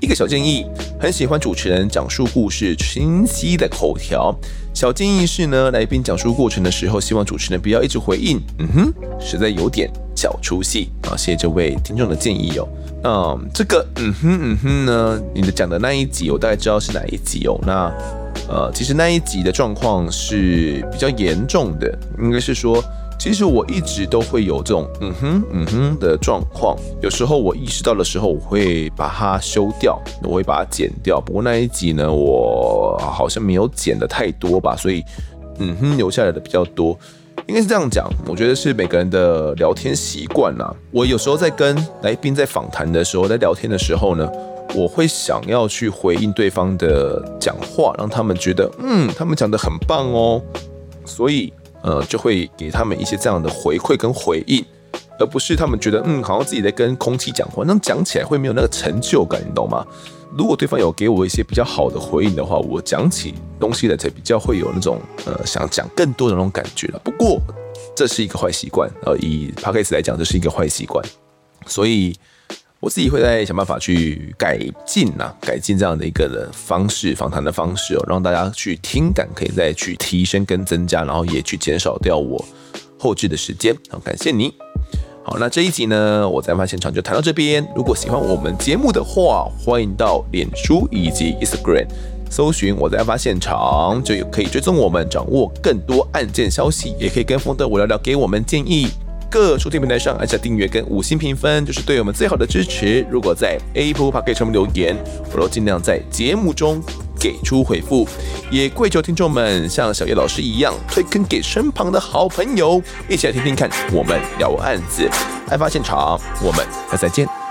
一個小建議，很喜歡主持人講述故事，清晰的口條。小建議是呢，來賓講述過程的時候，希望主持人不要一直回應，嗯哼，實在有點小出戲啊。謝謝這位聽眾的建議哦。嗯、呃，這個，嗯哼，嗯哼呢，你的講的那一集，我大概知道是哪一集哦。那，呃，其實那一集的狀況是比較嚴重的，應該是說。其實我一直都會有這種嗯哼嗯哼的狀況，有時候我意識到的時候，我會把它修掉，我會把它剪掉。不過那一集呢，我好像沒有剪的太多吧，所以嗯哼留下來的比較多。應該是這樣講，我覺得是每個人的聊天習慣啦。我有時候在跟來賓在訪談的時候，在聊天的時候呢，我會想要去回應對方的講話，讓他們覺得嗯，他們講的很棒哦，所以。呃，就會給他們一些這樣的回饋跟回應，而不是他們覺得，嗯，好像自己在跟空氣講話，那講起來會沒有那個成就感，你懂嗎？如果對方有給我一些比較好的回應的話，我講起東西來才比較會有那種呃想講更多的那種感覺了。不過這是一個壞習慣，呃，以 Podcast 來講，這是一個壞習慣，所以。我自己會再想辦法去改進吶、啊，改進這樣的一個的方式，訪談的方式哦，讓大家去聽感可以再去提升跟增加，然後也去減少掉我後製的時間。好，感謝你。好，那這一集呢，我在案發現場就談到這邊。如果喜歡我們節目的話，歡迎到臉書以及 Instagram 搜尋“我在案發現場”，就可以追蹤我們，掌握更多案件消息，也可以跟豐德我聊聊，給我們建議。各收聽平台上按下訂閱跟五星評分，就是對我們最好的支持。如果在 Apple Podcast 上留言，我都儘量在節目中給出回復。也跪求聽眾們像小葉老師一樣推坑給身旁的好朋友，一起來聽聽看。我們聊案子，案發現場，我們下次再見。